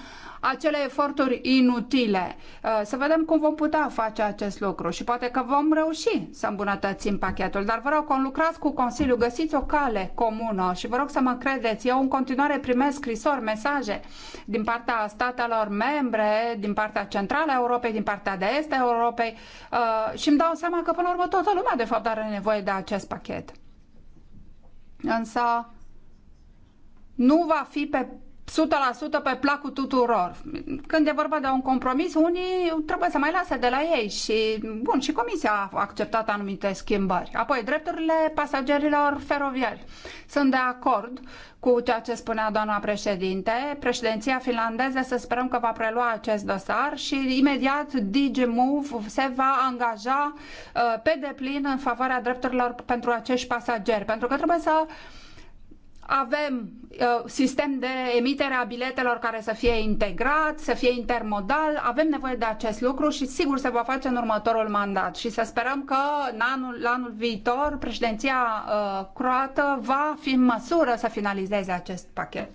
acele eforturi inutile. Uh, să vedem cum vom putea face acest lucru și poate că vom reuși să îmbunătățim pachetul, dar vă rog, lucrați cu Consiliul, găsiți o cale comună și vă rog să mă credeți, eu în continuare primesc scrisori, mesaje din partea statelor membre, din partea centrală a Europei, din partea de est a Europei uh, și îmi dau seama că până la urmă toată lumea de fapt are nevoie de acest pachet. Însă nu va fi pe 100% pe placul tuturor. Când e vorba de un compromis, unii trebuie să mai lase de la ei și, bun, și Comisia a acceptat anumite schimbări. Apoi, drepturile pasagerilor feroviari. Sunt de acord cu ceea ce spunea doamna președinte. Președinția finlandeză să sperăm că va prelua acest dosar și imediat DigiMove se va angaja uh, pe deplin în favoarea drepturilor pentru acești pasageri. Pentru că trebuie să avem uh, sistem de emitere a biletelor care să fie integrat, să fie intermodal, avem nevoie de acest lucru și sigur se va face în următorul mandat și să sperăm că în anul, la anul viitor președinția uh, croată va fi în măsură să finalizeze acest pachet.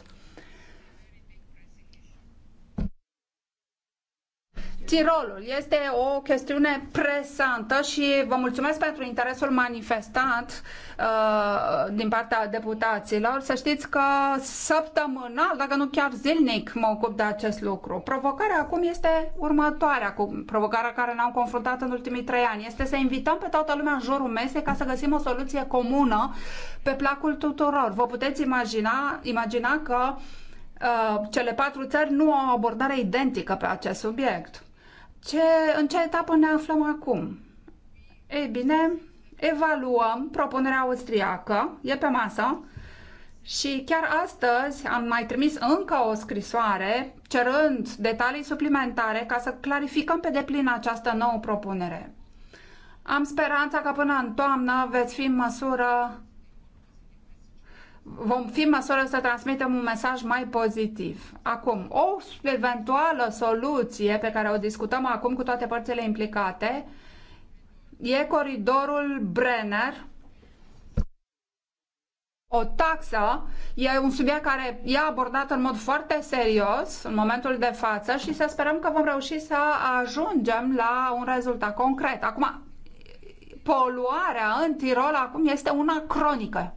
Tirolul este o chestiune presantă și vă mulțumesc pentru interesul manifestat uh, din partea deputaților. Să știți că săptămânal, dacă nu chiar zilnic, mă ocup de acest lucru. Provocarea acum este următoarea, cu provocarea care ne-am confruntat în ultimii trei ani. Este să invităm pe toată lumea în jurul mesei ca să găsim o soluție comună pe placul tuturor. Vă puteți imagina, imagina că uh, cele patru țări nu au o abordare identică pe acest subiect. Ce, în ce etapă ne aflăm acum? Ei bine, evaluăm propunerea austriacă, e pe masă, și chiar astăzi am mai trimis încă o scrisoare cerând detalii suplimentare ca să clarificăm pe deplin această nouă propunere. Am speranța că până în toamnă veți fi în măsură vom fi măsură să transmitem un mesaj mai pozitiv. Acum, o eventuală soluție pe care o discutăm acum cu toate părțile implicate e coridorul Brenner, o taxă e un subiect care e abordat în mod foarte serios în momentul de față și să sperăm că vom reuși să ajungem la un rezultat concret. Acum, poluarea în Tirol acum este una cronică.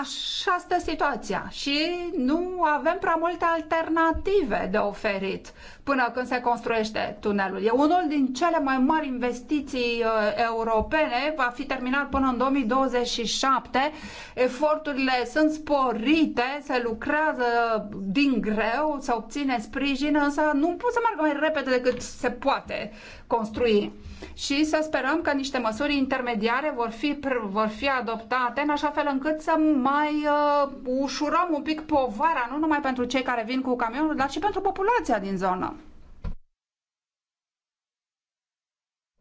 Așa stă situația și nu avem prea multe alternative de oferit până când se construiește tunelul. E unul din cele mai mari investiții uh, europene, va fi terminat până în 2027. Eforturile sunt sporite, se lucrează din greu, se obține sprijin, însă nu pot să meargă mai repede decât se poate construi și să sperăm că niște măsuri intermediare vor fi, vor fi adoptate în așa fel încât să mai uh, ușurăm un pic povara, nu numai pentru cei care vin cu camionul, dar și pentru populația din zonă.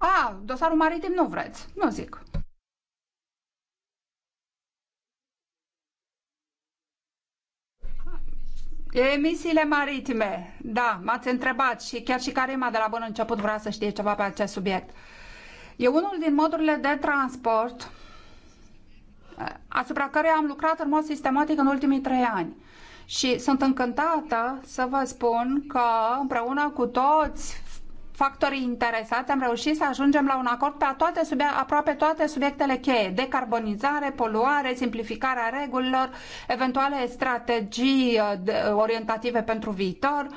A, ah, dosarul maritim nu vreți, nu zic. Emisiile maritime, da, m-ați întrebat și chiar și Karima de la bun început vrea să știe ceva pe acest subiect. E unul din modurile de transport eh, asupra care am lucrat în mod sistematic în ultimii trei ani. Și sunt încântată să vă spun că împreună cu toți factorii interesați, am reușit să ajungem la un acord pe toate subie- aproape toate subiectele cheie. Decarbonizare, poluare, simplificarea regulilor, eventuale strategii uh, orientative pentru viitor. Uh,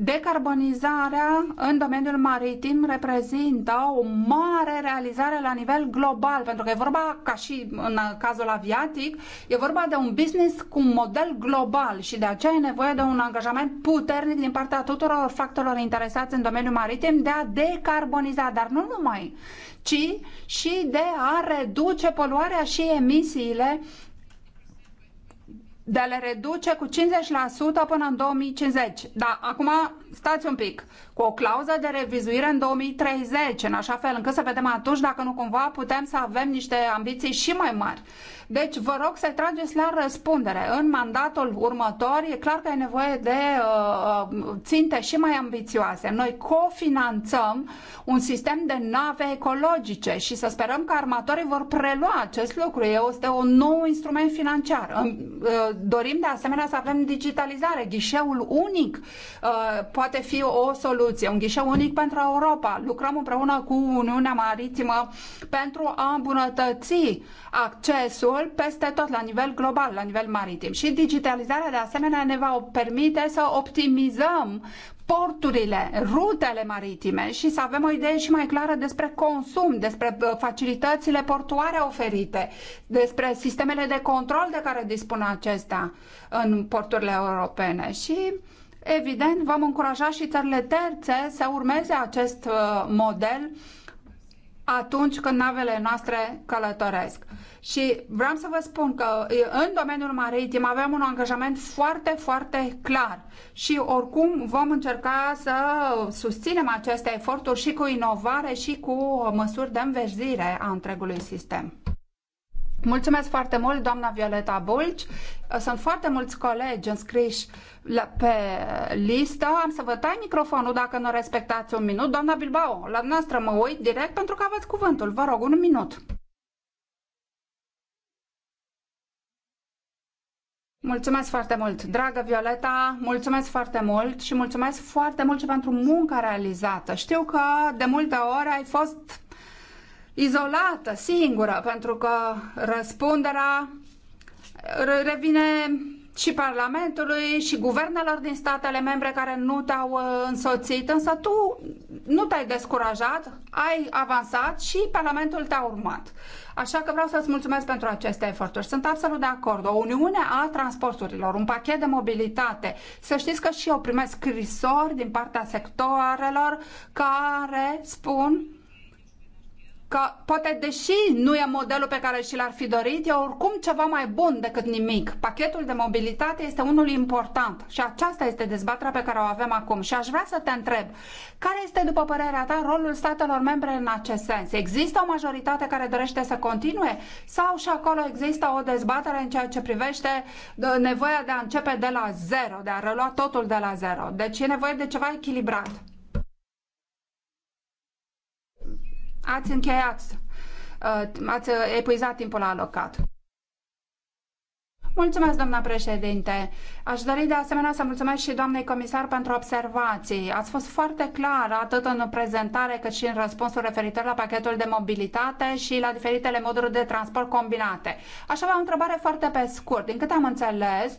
Decarbonizarea în domeniul maritim reprezintă o mare realizare la nivel global, pentru că e vorba, ca și în cazul aviatic, e vorba de un business cu un model global și de aceea e nevoie de un angajament puternic din partea tuturor factorilor interesați în domeniul maritim de a decarboniza, dar nu numai, ci și de a reduce poluarea și emisiile de a le reduce cu 50% până în 2050. Dar acum stați un pic, cu o clauză de revizuire în 2030, în așa fel încât să vedem atunci dacă nu cumva putem să avem niște ambiții și mai mari. Deci vă rog să trageți la răspundere. În mandatul următor e clar că e nevoie de uh, uh, ținte și mai ambițioase. Noi cofinanțăm un sistem de nave ecologice și să sperăm că armatorii vor prelua acest lucru. Este un nou instrument financiar. Uh, dorim de asemenea să avem digitalizare. Ghișeul unic uh, poate fi o soluție, un ghișeu unic pentru Europa. Lucrăm împreună cu Uniunea Maritimă pentru a îmbunătăți accesul rol peste tot, la nivel global, la nivel maritim. Și digitalizarea, de asemenea, ne va permite să optimizăm porturile, rutele maritime și să avem o idee și mai clară despre consum, despre uh, facilitățile portuare oferite, despre sistemele de control de care dispun acestea în porturile europene și evident vom încuraja și țările terțe să urmeze acest uh, model atunci când navele noastre călătoresc. Și vreau să vă spun că în domeniul maritim avem un angajament foarte, foarte clar și oricum vom încerca să susținem aceste eforturi și cu inovare și cu măsuri de înverzire a întregului sistem. Mulțumesc foarte mult, doamna Violeta Bulci. Sunt foarte mulți colegi înscriși pe listă. Am să vă tai microfonul dacă nu respectați un minut. Doamna Bilbao, la noastră mă uit direct pentru că aveți cuvântul. Vă rog, un minut. Mulțumesc foarte mult, dragă Violeta, mulțumesc foarte mult și mulțumesc foarte mult și pentru munca realizată. Știu că de multe ori ai fost izolată, singură, pentru că răspunderea revine și Parlamentului și guvernelor din statele membre care nu te-au uh, însoțit, însă tu nu te-ai descurajat, ai avansat și Parlamentul te-a urmat. Așa că vreau să-ți mulțumesc pentru aceste eforturi. Sunt absolut de acord. O uniune a transporturilor, un pachet de mobilitate. Să știți că și eu primesc scrisori din partea sectoarelor care spun că poate deși nu e modelul pe care și l-ar fi dorit, e oricum ceva mai bun decât nimic. Pachetul de mobilitate este unul important și aceasta este dezbaterea pe care o avem acum. Și aș vrea să te întreb, care este, după părerea ta, rolul statelor membre în acest sens? Există o majoritate care dorește să continue sau și acolo există o dezbatere în ceea ce privește uh, nevoia de a începe de la zero, de a relua totul de la zero? Deci e nevoie de ceva echilibrat. ați încheiat, uh, ați uh, epuizat timpul alocat. Mulțumesc, doamna președinte. Aș dori de asemenea să mulțumesc și doamnei comisar pentru observații. Ați fost foarte clar atât în prezentare cât și în răspunsul referitor la pachetul de mobilitate și la diferitele moduri de transport combinate. Aș avea o întrebare foarte pe scurt. Din câte am înțeles,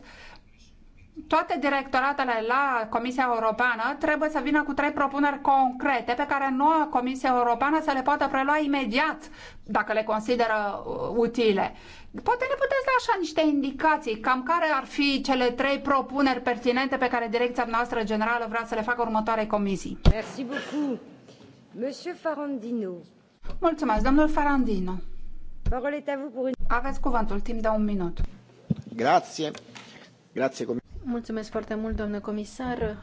toate directoratele la Comisia Europeană trebuie să vină cu trei propuneri concrete pe care noua Comisie Europeană să le poată prelua imediat dacă le consideră uh, utile. Poate ne puteți da așa niște indicații, cam care ar fi cele trei propuneri pertinente pe care direcția noastră generală vrea să le facă următoarei comisii. Merci beaucoup. Monsieur Farandino. Mulțumesc, domnul Farandino. Aveți cuvântul, timp de un minut. Grazie. Grazie, comisie. Mulțumesc foarte mult, doamnă comisar.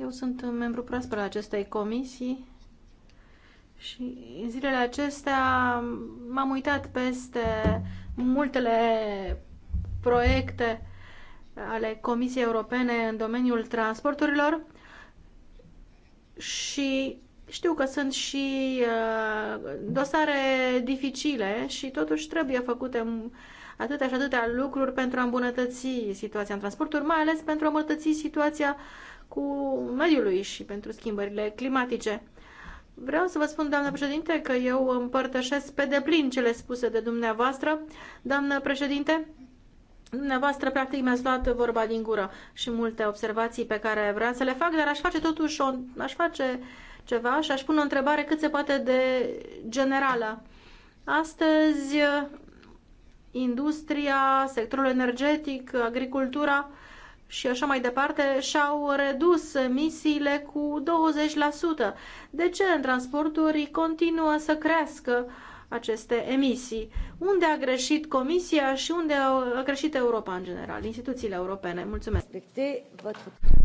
Eu sunt membru proaspăt al acestei comisii și în zilele acestea m-am uitat peste multele proiecte ale Comisiei Europene în domeniul transporturilor și știu că sunt și uh, dosare dificile și totuși trebuie făcute atâtea și atâtea lucruri pentru a îmbunătăți situația în transporturi, mai ales pentru a îmbunătăți situația cu mediului și pentru schimbările climatice. Vreau să vă spun, doamnă președinte, că eu împărtășesc pe deplin cele spuse de dumneavoastră. Doamnă președinte, Dumneavoastră, practic, mi-ați luat vorba din gură și multe observații pe care vreau să le fac, dar aș face totuși o, aș face ceva și aș pune o întrebare cât se poate de generală. Astăzi industria, sectorul energetic, agricultura și așa mai departe, și-au redus emisiile cu 20%. De ce în transporturi continuă să crească aceste emisii? Unde a greșit Comisia și unde a greșit Europa în general, instituțiile europene? Mulțumesc!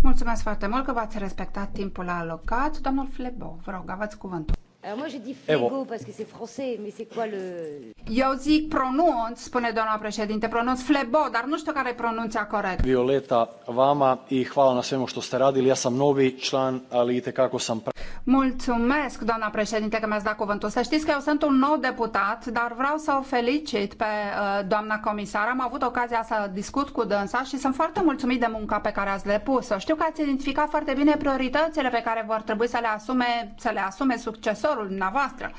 Mulțumesc foarte mult că v-ați respectat timpul alocat. Domnul Flebo, vă rog, aveți cuvântul. Alors moi je dis eh frigo parce que c'est français, mais c'est quoi le... Eu zic pronunț, spune doamna președinte, pronunț flebo, dar nu știu care e pronunția corect. Violeta, vama i hvala na svemu što ste radili. Ja sam novi član, ali itekako sam... Mulțumesc, doamna președinte, că mi-ați dat cuvântul. Să știți că eu sunt un nou deputat, dar vreau să o felicit pe uh, doamna comisar. Am avut ocazia să discut cu dânsa și sunt foarte mulțumit de munca pe care ați depus-o. Știu că ați identificat foarte bine prioritățile pe care vor trebui să le asume, să le asume succesor următorul dumneavoastră,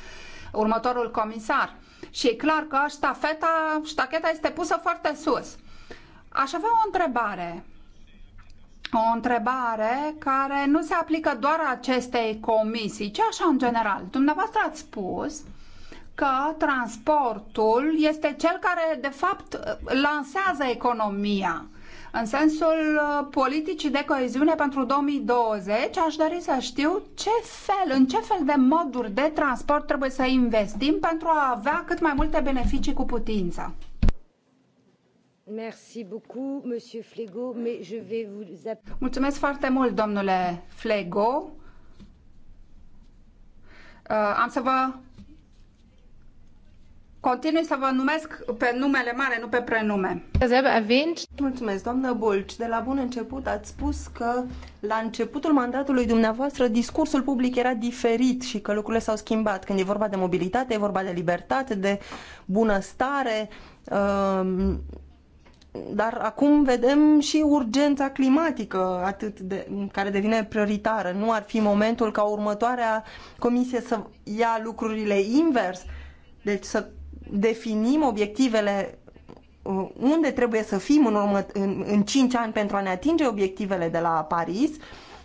următorul comisar. Și e clar că ștafeta, ștacheta este pusă foarte sus. Aș avea o întrebare. O întrebare care nu se aplică doar acestei comisii, ci așa în general. Dumneavoastră ați spus că transportul este cel care, de fapt, lansează economia. În sensul uh, politicii de coeziune pentru 2020, aș dori să știu ce fel, în ce fel de moduri de transport trebuie să investim pentru a avea cât mai multe beneficii cu putință. Mulțumesc foarte mult, domnule Flego. Uh, am să vă Continui să vă numesc pe numele mare, nu pe prenume. Mulțumesc, doamnă Bulci. De la bun început ați spus că la începutul mandatului dumneavoastră discursul public era diferit și că lucrurile s-au schimbat. Când e vorba de mobilitate, e vorba de libertate, de bunăstare. Um, dar acum vedem și urgența climatică atât de, care devine prioritară. Nu ar fi momentul ca următoarea comisie să ia lucrurile invers. Deci să definim obiectivele uh, unde trebuie să fim în, urmă, în, în 5 ani pentru a ne atinge obiectivele de la Paris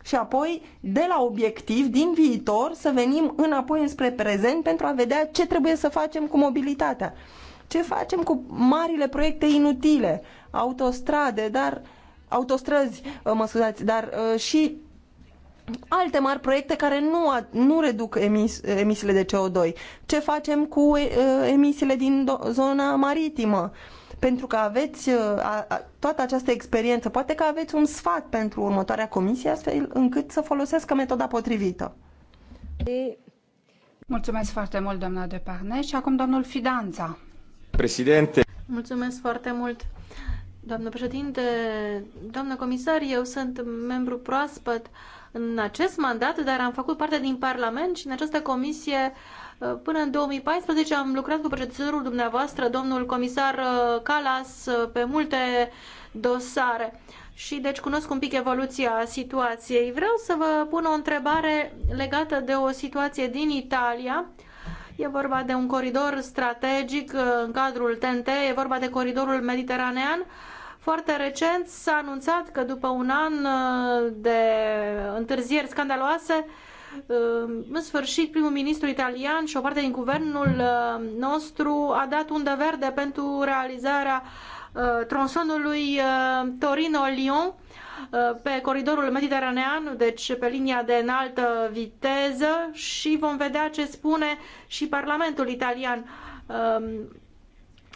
și apoi de la obiectiv din viitor să venim înapoi înspre prezent pentru a vedea ce trebuie să facem cu mobilitatea. Ce facem cu marile proiecte inutile, autostrade, dar autostrăzi, uh, mă scuzați, dar uh, și alte mari proiecte care nu, nu reduc emis, emisiile de CO2. Ce facem cu emisiile din zona maritimă? Pentru că aveți a, a, toată această experiență, poate că aveți un sfat pentru următoarea comisie, astfel încât să folosească metoda potrivită. Mulțumesc foarte mult, doamna Deparne. Și acum domnul Fidanța. Președinte. Mulțumesc foarte mult. Doamnă președinte, doamnă comisar, eu sunt membru proaspăt în acest mandat, dar am făcut parte din Parlament și în această comisie uh, până în 2014 am lucrat cu predecesorul dumneavoastră, domnul comisar uh, Calas, uh, pe multe dosare și deci cunosc un pic evoluția situației. Vreau să vă pun o întrebare legată de o situație din Italia. E vorba de un coridor strategic în cadrul TNT, e vorba de coridorul mediteranean. Uh, foarte recent s-a anunțat că după un an uh, de întârzieri scandaloase, uh, în sfârșit primul ministru italian și o parte din guvernul uh, nostru a dat undă verde pentru realizarea tronsonului Torino-Lyon pe coridorul mediteranean, deci pe linia de înaltă viteză și vom vedea ce spune și Parlamentul italian um,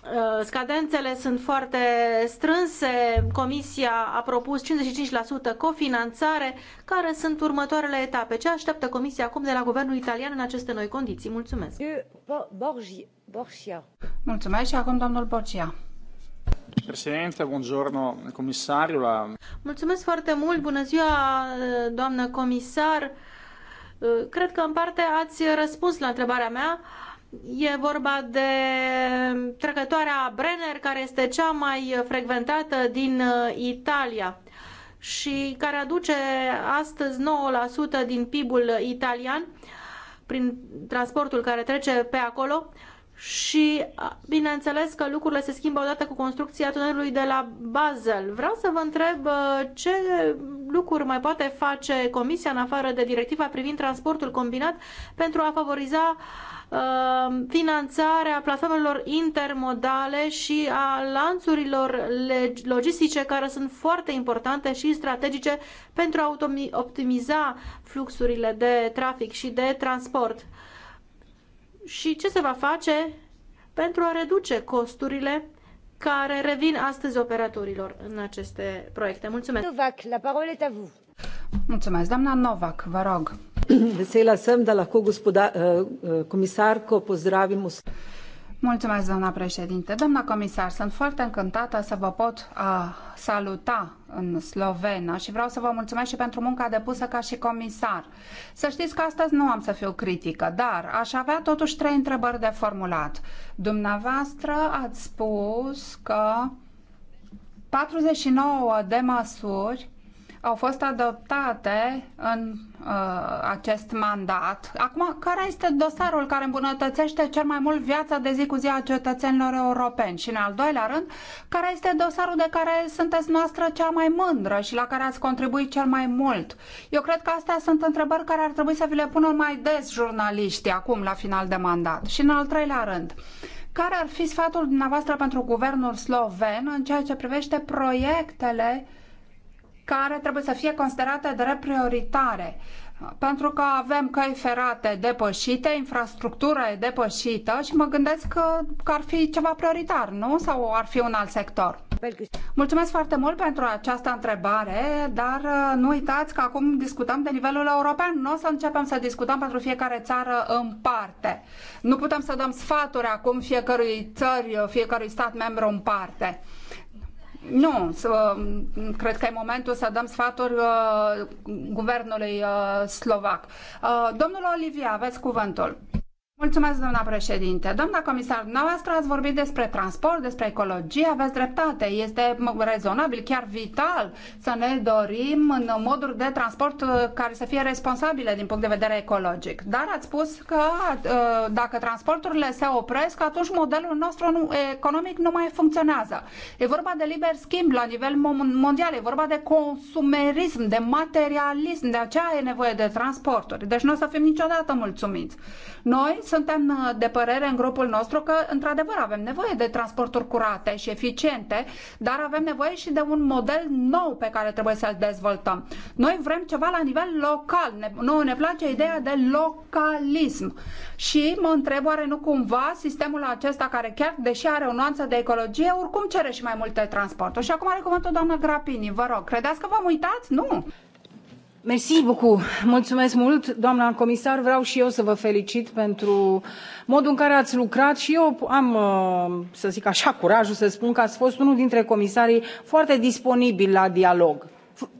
Uh, scadențele sunt foarte strânse. Comisia a propus 55% cofinanțare. Care sunt următoarele etape? Ce așteaptă Comisia acum de la guvernul italian în aceste noi condiții? Mulțumesc! Mulțumesc și acum domnul Borgia. Președinte, buongiorno, comisariu. La... Mulțumesc foarte mult, bună ziua, uh, doamnă comisar. Uh, cred că în parte ați răspuns la întrebarea mea. E vorba de trecătoarea Brenner, care este cea mai frecventată din uh, Italia și care aduce astăzi 9% din PIB-ul italian prin transportul care trece pe acolo și uh, bineînțeles că lucrurile se schimbă odată cu construcția tunelului de la Basel. Vreau să vă întreb uh, ce lucruri mai poate face Comisia în afară de directiva privind transportul combinat pentru a favoriza uh, Uh, finanțarea platformelor intermodale și a lanțurilor logistice care sunt foarte importante și strategice pentru a optimiza fluxurile de trafic și de transport. Și ce se va face pentru a reduce costurile care revin astăzi operatorilor în aceste proiecte. Mulțumesc! Novak, la parole est vous. Mulțumesc, doamna Novak, vă rog. Vesela sem, da lahko gospoda, comisarko eh, eh, pozdravim vse. Mulțumesc, doamna președinte. Doamna comisar, sunt foarte încântată să vă pot uh, saluta în Slovenia și vreau să vă mulțumesc și pentru munca depusă ca și comisar. Să știți că astăzi nu am să fiu critică, dar aș avea totuși trei întrebări de formulat. Dumneavoastră ați spus că 49 de măsuri au fost adoptate în uh, acest mandat. Acum, care este dosarul care îmbunătățește cel mai mult viața de zi cu zi a cetățenilor europeni? Și în al doilea rând, care este dosarul de care sunteți noastră cea mai mândră și la care ați contribuit cel mai mult? Eu cred că astea sunt întrebări care ar trebui să vi le pună mai des jurnaliștii acum, la final de mandat. Și în al treilea rând, care ar fi sfatul dumneavoastră pentru guvernul sloven în ceea ce privește proiectele care trebuie să fie considerate drept prioritare pentru că avem căi ferate depășite, infrastructură depășită și mă gândesc că, că ar fi ceva prioritar, nu? Sau ar fi un alt sector? Mulțumesc foarte mult pentru această întrebare, dar uh, nu uitați că acum discutăm de nivelul european. Nu o să începem să discutăm pentru fiecare țară în parte. Nu putem să dăm sfaturi acum fiecărui țări, fiecărui stat membru în parte. Nu, să, cred că e momentul să dăm sfaturi uh, guvernului uh, slovac. Uh, domnul Olivia, aveți cuvântul. Mulțumesc, doamna președinte. Doamna comisar, dumneavoastră ați vorbit despre transport, despre ecologie, aveți dreptate. Este rezonabil, chiar vital să ne dorim în moduri de transport uh, care să fie responsabile din punct de vedere ecologic. Dar ați spus că uh, dacă transporturile se opresc, atunci modelul nostru economic nu mai funcționează. E vorba de liber schimb la nivel mondial, e vorba de consumerism, de materialism, de aceea e nevoie de transporturi. Deci nu o să fim niciodată mulțumiți. Noi suntem uh, de părere în grupul nostru că, într-adevăr, avem nevoie de transporturi curate și eficiente, dar avem nevoie și de un model nou pe care trebuie să-l dezvoltăm. Noi vrem ceva la nivel local. Ne, nu, ne place ideea de localism. Și mă întreb oare nu cumva sistemul acesta care chiar, deși are o nuanță de ecologie, oricum cere și mai multe transporturi. Și acum are cuvântul doamna Grapini, vă rog. Credeți că v uitați? uitat? Nu! Mersi beaucoup. Mulțumesc mult, doamna comisar. Vreau și eu să vă felicit pentru modul în care ați lucrat și eu am, uh, să zic așa, curajul să spun că ați fost unul dintre comisarii foarte disponibili la dialog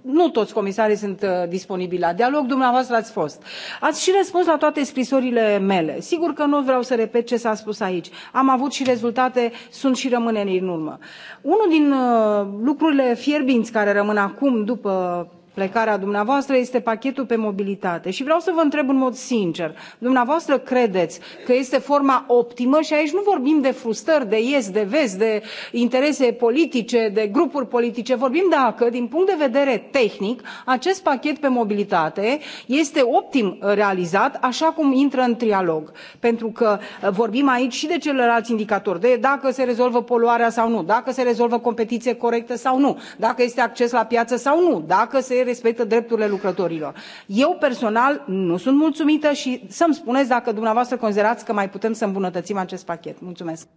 nu toți comisarii sunt uh, disponibili la dialog, dumneavoastră ați fost. Ați și răspuns la toate scrisorile mele. Sigur că nu vreau să repet ce s-a spus aici. Am avut și rezultate, sunt și rămâne în urmă. Unul din uh, lucrurile fierbinți care rămân acum după plecarea dumneavoastră este pachetul pe mobilitate și vreau să vă întreb în mod sincer dumneavoastră credeți că este forma optimă și aici nu vorbim de frustrări de est de vest de interese politice de grupuri politice vorbim dacă din punct de vedere tehnic acest pachet pe mobilitate este optim realizat așa cum intră în trialog pentru că uh, vorbim aici și de celelalți indicatori de dacă se rezolvă poluarea sau nu dacă se rezolvă competiție corectă sau nu dacă este acces la piață sau nu dacă se respectă drepturile lucrătorilor. eu personal nu sunt mulțumită și să mi spuneți dacă dumneavoastră considerați că mai putem să îmbunătățim acest pachet. mulțumesc.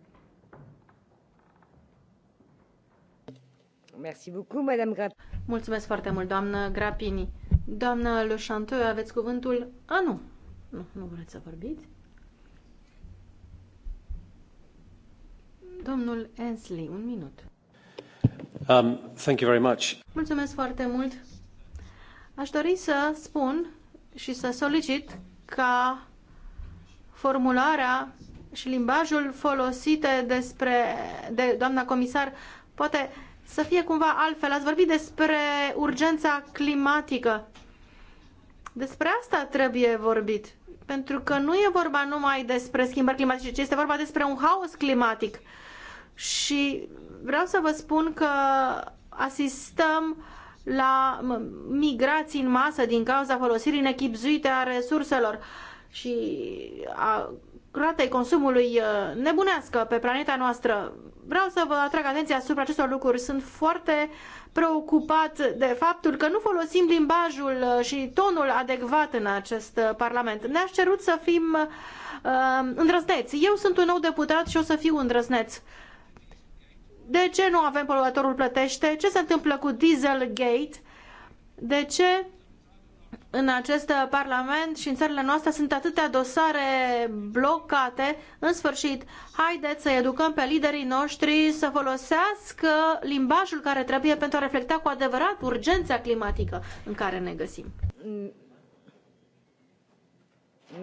Mulțumesc foarte mult, doamnă Grapini. Doamnă Le Chanteux, aveți cuvântul? A, nu. Nu, nu vreți să vorbiți? Domnul Ensley, un minut. Um, thank you very much. Mulțumesc foarte mult. Aș dori să spun și să solicit ca formularea și limbajul folosite despre, de doamna comisar poate să fie cumva altfel. Ați vorbit despre urgența climatică. Despre asta trebuie vorbit. Pentru că nu e vorba numai despre schimbări climatice, ci este vorba despre un haos climatic. Și vreau să vă spun că asistăm la migrații în masă din cauza folosirii nechipzuite a resurselor și a ratei consumului uh, nebunească pe planeta noastră. Vreau să vă atrag atenția asupra acestor lucruri. Sunt foarte preocupat de faptul că nu folosim limbajul uh, și tonul adecvat în acest uh, Parlament. Ne-aș cerut să fim uh, îndrăzneți. Eu sunt un nou deputat și o să fiu îndrăzneț. Uh, de ce nu avem poluatorul plătește? Ce se întâmplă cu Dieselgate? De ce în acest parlament și în țările noastre sunt atâtea dosare blocate? În sfârșit, haideți să educăm pe liderii noștri să folosească limbajul care trebuie pentru a reflecta cu adevărat urgența climatică în care ne găsim.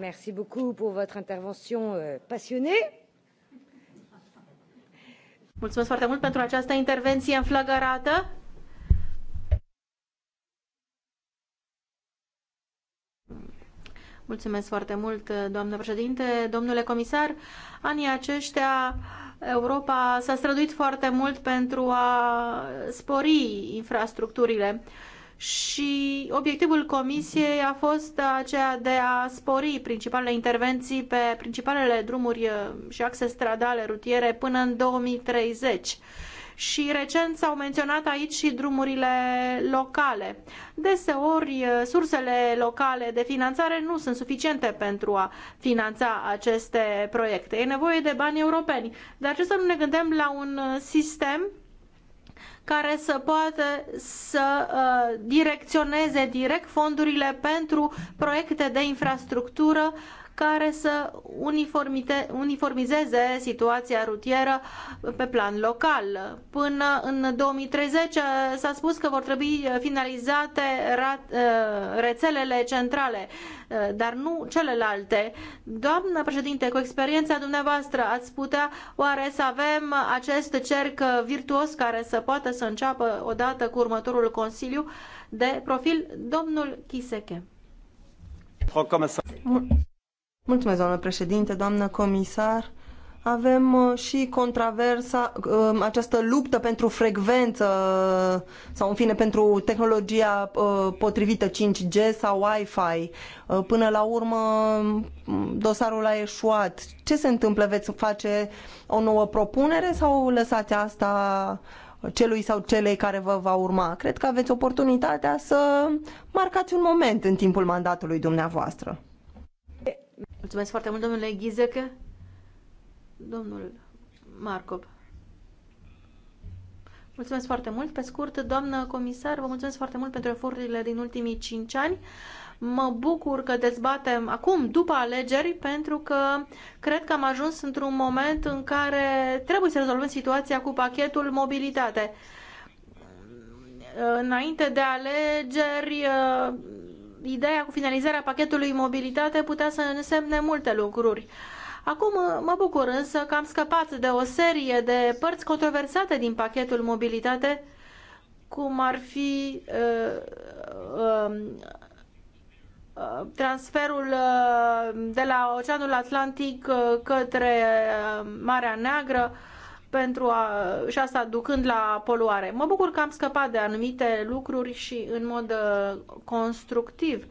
Merci beaucoup pour votre intervention euh, passionnée. Mulțumesc foarte mult pentru această intervenție înflăgărată. Mulțumesc foarte mult, doamnă președinte, domnule comisar. Anii aceștia, Europa s-a străduit foarte mult pentru a spori infrastructurile și obiectivul comisiei a fost aceea de a spori principalele intervenții pe principalele drumuri uh, și axe stradale rutiere până în 2030 și recent s-au menționat aici și drumurile locale. Deseori, uh, sursele locale de finanțare nu sunt suficiente pentru a finanța aceste proiecte. E nevoie de bani europeni, dar ce să nu ne gândim la un uh, sistem care să poată să uh, direcționeze direct fondurile pentru proiecte de infrastructură care să uniformizeze situația rutieră pe plan local. Până în 2030 s-a spus că vor trebui finalizate uh, rețelele centrale, uh, dar nu celelalte. Doamnă președinte, cu experiența dumneavoastră ați putea oare să avem acest cerc virtuos care să poată să înceapă odată cu următorul Consiliu de profil, domnul Chiseche. Mulțumesc, doamnă președinte, doamnă comisar. Avem uh, și controversa, uh, această luptă pentru frecvență uh, sau, în fine, pentru tehnologia potrivită 5G sau Wi-Fi. Până la urmă, mm, dosarul a eșuat. Ce se întâmplă? Veți face o nouă propunere sau lăsați asta celui sau celei care vă va urma? Cred că aveți oportunitatea să marcați un moment în timpul mandatului dumneavoastră. Mulțumesc foarte mult, domnule Ghizecă. Domnul Marcov. Mulțumesc foarte mult. Pe scurt, doamnă comisar, vă mulțumesc foarte mult pentru eforturile din ultimii 5 ani. Mă bucur că dezbatem acum, după alegeri, pentru că cred că am ajuns într-un moment în care trebuie să rezolvăm situația cu pachetul mobilitate. Înainte de alegeri, ideea cu finalizarea pachetului mobilitate putea să însemne multe lucruri. Acum uh, mă bucur însă că am scăpat de o serie de părți controversate din pachetul mobilitate, cum ar fi uh, um, uh, transferul de la Oceanul Atlantic uh, către uh, Marea Neagră, pentru a, și asta ducând la poluare. Mă bucur că am scăpat de anumite lucruri și în mod uh, constructiv.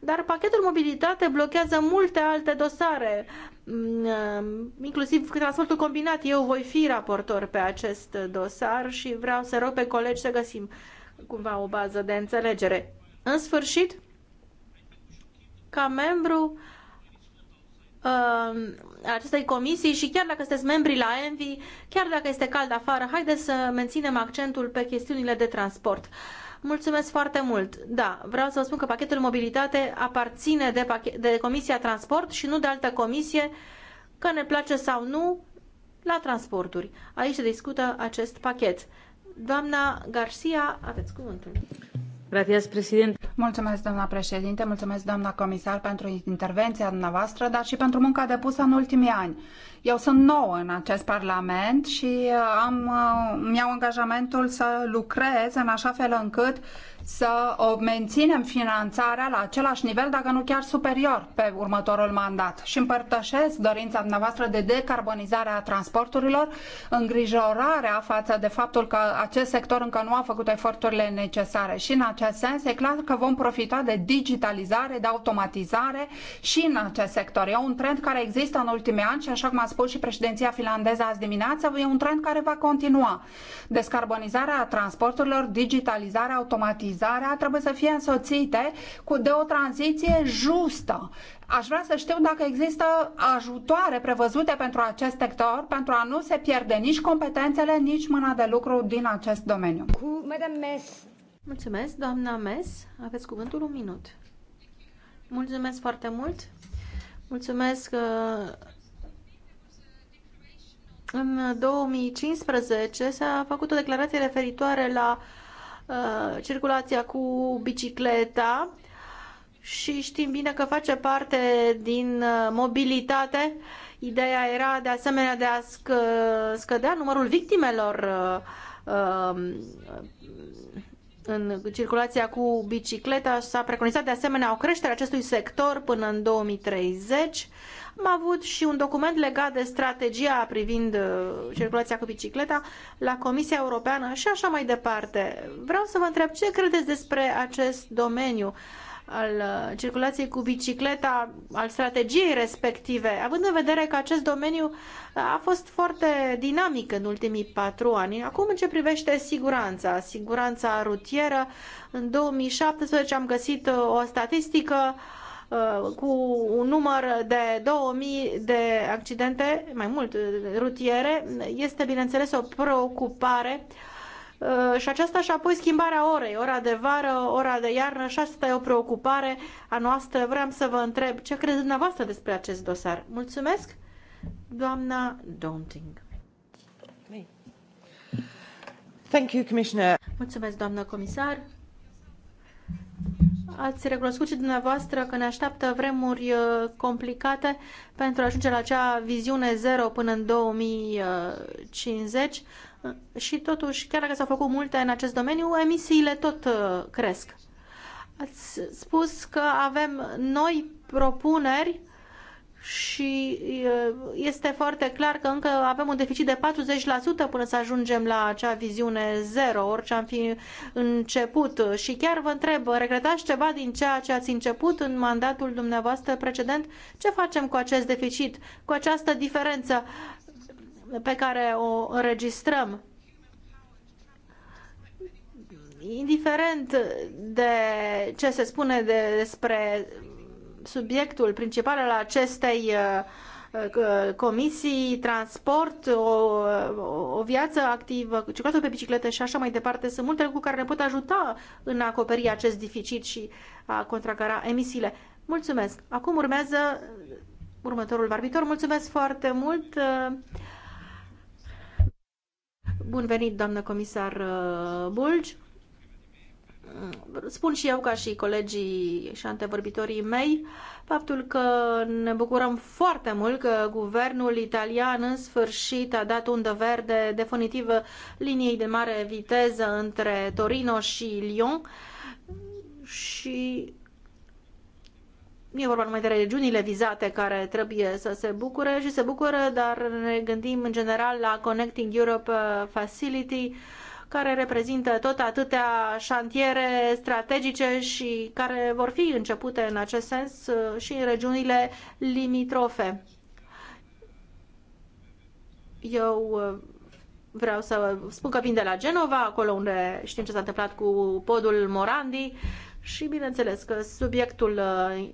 Dar pachetul mobilitate blochează multe alte dosare, mm, uh, inclusiv transportul combinat. Eu voi fi raportor pe acest dosar și vreau să rog pe colegi să găsim cumva o bază de înțelegere. În sfârșit, ca membru Um, acestei comisii și chiar dacă sunteți membri la ENVI, chiar dacă este cald afară, haideți să menținem accentul pe chestiunile de transport. Mulțumesc foarte mult. Da, vreau să vă spun că pachetul mobilitate aparține de, pache- de Comisia Transport și nu de altă comisie, că ne place sau nu, la transporturi. Aici se discută acest pachet. Doamna Garcia, aveți cuvântul. Mulțumesc, doamna președinte, mulțumesc, doamna comisar, pentru intervenția dumneavoastră, dar și pentru munca depusă în ultimii ani. Eu sunt nouă în acest parlament și uh, am, uh, mi-au angajamentul să lucrez în așa fel încât să menținem finanțarea la același nivel, dacă nu chiar superior, pe următorul mandat. Și împărtășesc dorința dumneavoastră de decarbonizare a transporturilor, îngrijorarea față de faptul că acest sector încă nu a făcut eforturile necesare. Și în acest sens e clar că vom profita de digitalizare, de automatizare și în acest sector. E un trend care există în ultimii ani și așa cum a spus și președinția finlandeză azi dimineață, e un trend care va continua. Descarbonizarea transporturilor, digitalizarea, automatizarea modernizarea trebuie să fie însoțite cu de o tranziție justă. Aș vrea să știu dacă există ajutoare prevăzute pentru acest sector, pentru a nu se pierde nici competențele, nici mâna de lucru din acest domeniu. Cu Madame Mes. Mulțumesc, doamna Mes. Aveți cuvântul un minut. Mulțumesc foarte mult. Mulțumesc că uh, în 2015 s-a făcut o declarație referitoare la Uh, circulația cu bicicleta și știm bine că face parte din uh, mobilitate. Ideea era de asemenea de a uh, scădea numărul victimelor uh, um, în circulația cu bicicleta. S-a preconizat de asemenea o creștere a acestui sector până în 2030 am avut și un document legat de strategia privind uh, circulația cu bicicleta la Comisia Europeană și așa mai departe. Vreau să vă întreb ce credeți despre acest domeniu al uh, circulației cu bicicleta, al strategiei respective, având în vedere că acest domeniu uh, a fost foarte dinamic în ultimii patru ani. Acum, în ce privește siguranța, siguranța rutieră, în 2017 am găsit o statistică uh, Uh, cu un număr de 2000 de accidente, mai mult uh, rutiere, este bineînțeles o preocupare uh, și aceasta și apoi schimbarea orei, ora de vară, ora de iarnă și asta e o preocupare a noastră. Vreau să vă întreb ce credeți dumneavoastră despre acest dosar. Mulțumesc, doamna Daunting. Thank you, Commissioner. Mulțumesc, doamnă comisar. Ați recunoscut și dumneavoastră că ne așteaptă vremuri uh, complicate pentru a ajunge la acea viziune zero până în 2050 uh, uh, și totuși, chiar dacă s-au făcut multe în acest domeniu, emisiile tot cresc. Ați spus că avem noi propuneri și este foarte clar că încă avem un deficit de 40% până să ajungem la acea viziune zero, orice am fi început. Și chiar vă întreb, regretați ceva din ceea ce ați început în mandatul dumneavoastră precedent? Ce facem cu acest deficit, cu această diferență pe care o înregistrăm? Indiferent de ce se spune despre subiectul principal al acestei uh, uh, comisii, transport, o, o viață activă, circulatul pe biciclete și așa mai departe. Sunt multe lucruri care ne pot ajuta în a acoperi acest deficit și a contracara emisiile. Mulțumesc! Acum urmează următorul vorbitor. Mulțumesc foarte mult! Bun venit, doamnă comisar uh, Bulgi! spun și eu ca și colegii și antevorbitorii mei faptul că ne bucurăm foarte mult că guvernul italian în sfârșit a dat undă verde definitivă liniei de mare viteză între Torino și Lyon și nu e vorba numai de regiunile vizate care trebuie să se bucure și se bucură, dar ne gândim în general la Connecting Europe Facility, uh, care reprezintă tot atâtea șantiere strategice și care vor fi începute în acest sens uh, și în regiunile limitrofe. Eu uh, vreau să spun că vin de la Genova, acolo unde știm ce s-a întâmplat cu podul Morandi și bineînțeles că subiectul uh,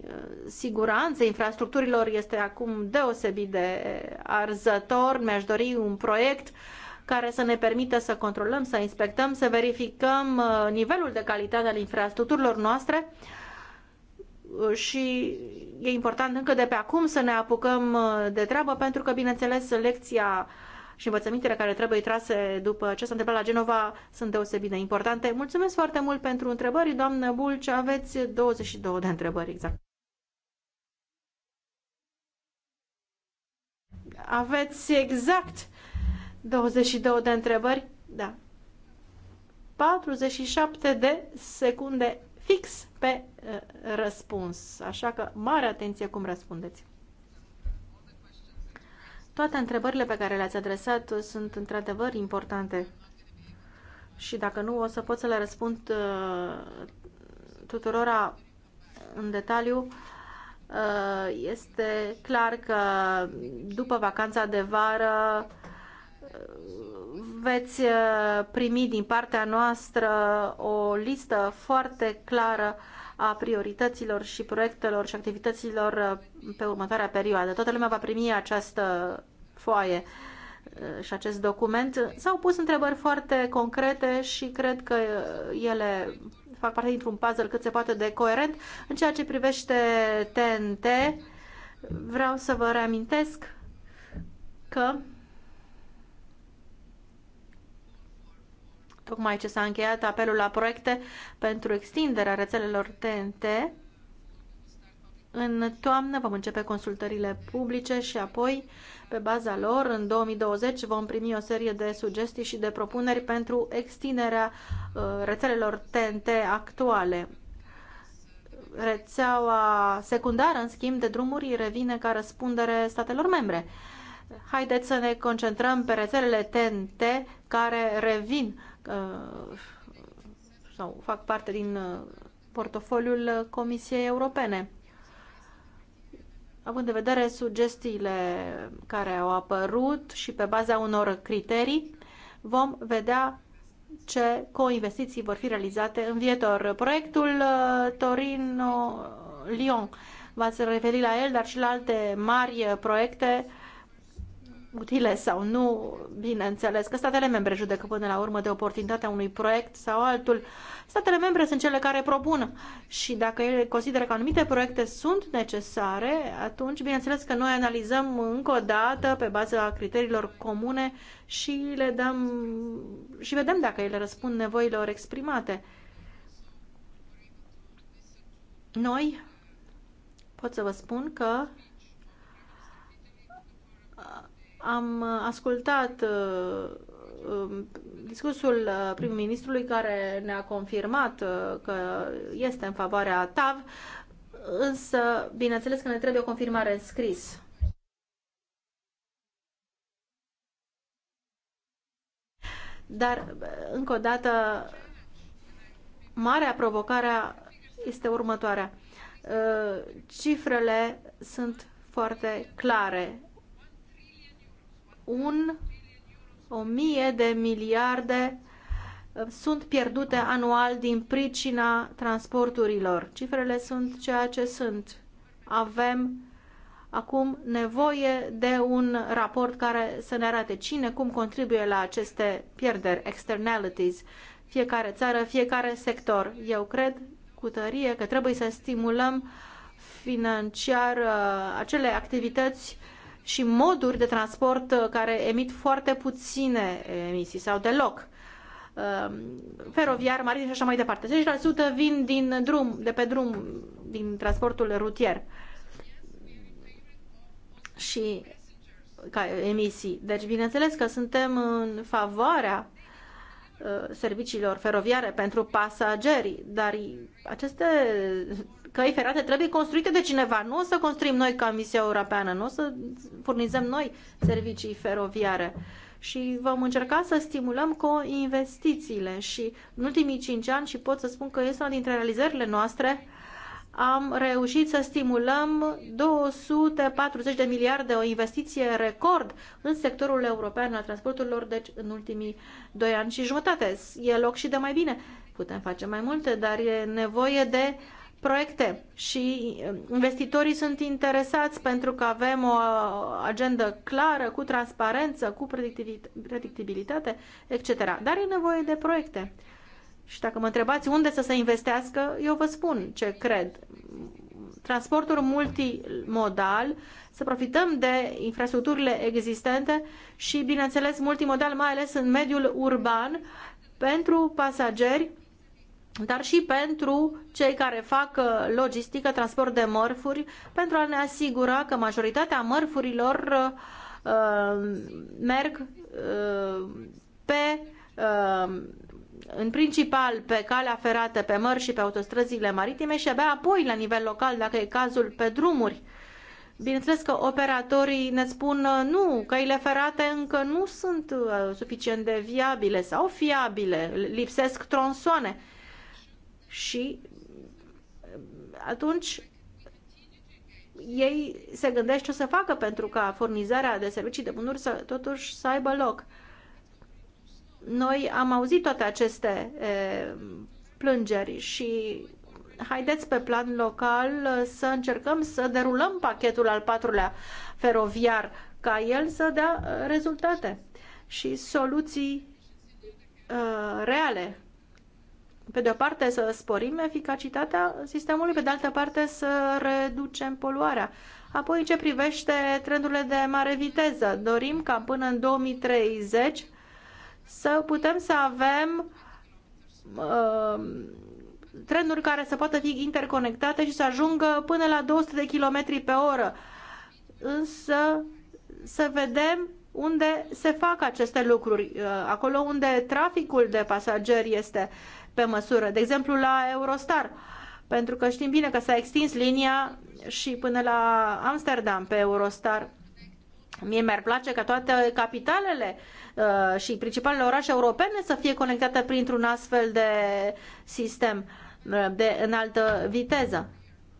siguranței infrastructurilor este acum deosebit de arzător. Mi-aș dori un proiect uh, care să ne permită să controlăm, să inspectăm, să verificăm uh, nivelul de calitate al infrastructurilor noastre uh, și e important încă de pe acum să ne apucăm uh, de treabă pentru că, bineînțeles, lecția și învățămintele care trebuie trase după ce s-a întâmplat la Genova sunt deosebit de importante. Mulțumesc foarte mult pentru întrebări, doamnă Bulci, aveți 22 de întrebări exact. Aveți exact 22 de întrebări? Da. 47 de secunde fix pe uh, răspuns. Așa că mare atenție cum răspundeți. Toate întrebările pe care le-ați adresat sunt într-adevăr importante și dacă nu o să pot să le răspund uh, tuturora în detaliu. Uh, este clar că după vacanța de vară veți uh, primi din partea noastră o listă foarte clară a priorităților și proiectelor și activităților uh, pe următoarea perioadă. Toată lumea va primi această foaie uh, și acest document. S-au pus întrebări foarte concrete și cred că ele fac parte dintr-un puzzle cât se poate de coerent. În ceea ce privește TNT, vreau să vă reamintesc că tocmai ce s-a încheiat apelul la proiecte pentru extinderea rețelelor TNT. În toamnă vom începe consultările publice și apoi, pe baza lor, în 2020 vom primi o serie de sugestii și de propuneri pentru extinderea uh, rețelelor TNT actuale. Rețeaua secundară, în schimb, de drumuri revine ca răspundere statelor membre. Haideți să ne concentrăm pe rețelele TNT care revin Uh, sau fac parte din uh, portofoliul Comisiei Europene. Având în vedere sugestiile care au apărut și pe baza unor criterii, vom vedea ce coinvestiții vor fi realizate în viitor. Proiectul uh, Torino-Lyon, v-ați referit la el, dar și la alte mari proiecte utile sau nu, bineînțeles, că statele membre judecă până la urmă de oportunitatea unui proiect sau altul. Statele membre sunt cele care propun și dacă ele consideră că anumite proiecte sunt necesare, atunci, bineînțeles, că noi analizăm încă o dată pe baza criteriilor comune și le dăm și vedem dacă ele răspund nevoilor exprimate. Noi pot să vă spun că am uh, ascultat uh, um, discursul uh, prim-ministrului care ne-a confirmat că este în favoarea TAV, însă, bineînțeles că ne trebuie o confirmare în scris. Dar, încă o dată, marea provocare este următoarea. Cifrele sunt foarte clare un, o mie de miliarde uh, sunt pierdute anual din pricina transporturilor. Cifrele sunt ceea ce sunt. Avem acum nevoie de un raport care să ne arate cine, cum contribuie la aceste pierderi, externalities, fiecare țară, fiecare sector. Eu cred cu tărie că trebuie să stimulăm financiar uh, acele activități uh, și moduri de transport uh, care emit foarte puține emisii sau deloc. Um, feroviar, marin și așa mai departe. 10% vin din drum, de pe drum, din transportul rutier și ca emisii. Deci, bineînțeles că suntem în favoarea uh, serviciilor feroviare pentru pasageri, dar aceste căi ferate trebuie construite de cineva. Nu o să construim noi Comisia Europeană, nu o să furnizăm noi servicii feroviare. Și vom încerca să stimulăm cu investițiile și în ultimii cinci ani, și pot să spun că este una dintre realizările noastre, am reușit să stimulăm 240 de miliarde, o investiție record în sectorul european al transporturilor, deci în ultimii doi ani și jumătate. E loc și de mai bine. Putem face mai multe, dar e nevoie de uh, proiecte și um, investitorii sunt interesați pentru că avem o agendă clară, cu transparență, cu predictibilitate, etc. Dar e nevoie de proiecte. Și dacă mă întrebați unde să se investească, eu vă spun ce cred. Transportul multimodal, să profităm de infrastructurile existente și, bineînțeles, multimodal, mai ales în mediul urban, pentru pasageri dar și pentru cei care fac uh, logistică, transport de mărfuri, pentru a ne asigura că majoritatea mărfurilor uh, uh, merg uh, pe uh, în principal pe calea ferată, pe mări și pe autostrăzile maritime și abia apoi la nivel local, dacă e cazul, pe drumuri. Bineînțeles că operatorii ne spun uh, nu, căile ferate încă nu sunt suficient de viabile sau fiabile, lipsesc tronsoane și uh, atunci ei se gândesc ce o să facă pentru ca furnizarea de servicii de bunuri să, totuși să aibă loc. Noi am auzit toate aceste e, plângeri și haideți pe plan local uh, să încercăm să derulăm pachetul al patrulea feroviar ca el să dea uh, rezultate și soluții uh, reale pe de-o parte, să sporim eficacitatea sistemului, pe de altă parte, să reducem poluarea. Apoi, în ce privește trendurile de mare viteză, dorim ca până în 2030 să putem să avem uh, trenuri care să poată fi interconectate și să ajungă până la 200 de km pe oră. Însă, să vedem unde se fac aceste lucruri, uh, acolo unde traficul de pasageri este uh, pe măsură. De exemplu, la Eurostar, pentru că știm bine că s-a extins linia și până la Amsterdam pe Eurostar. Mie mi-ar place ca toate capitalele uh, și principalele orașe europene să fie conectate printr-un astfel de sistem uh, de înaltă viteză,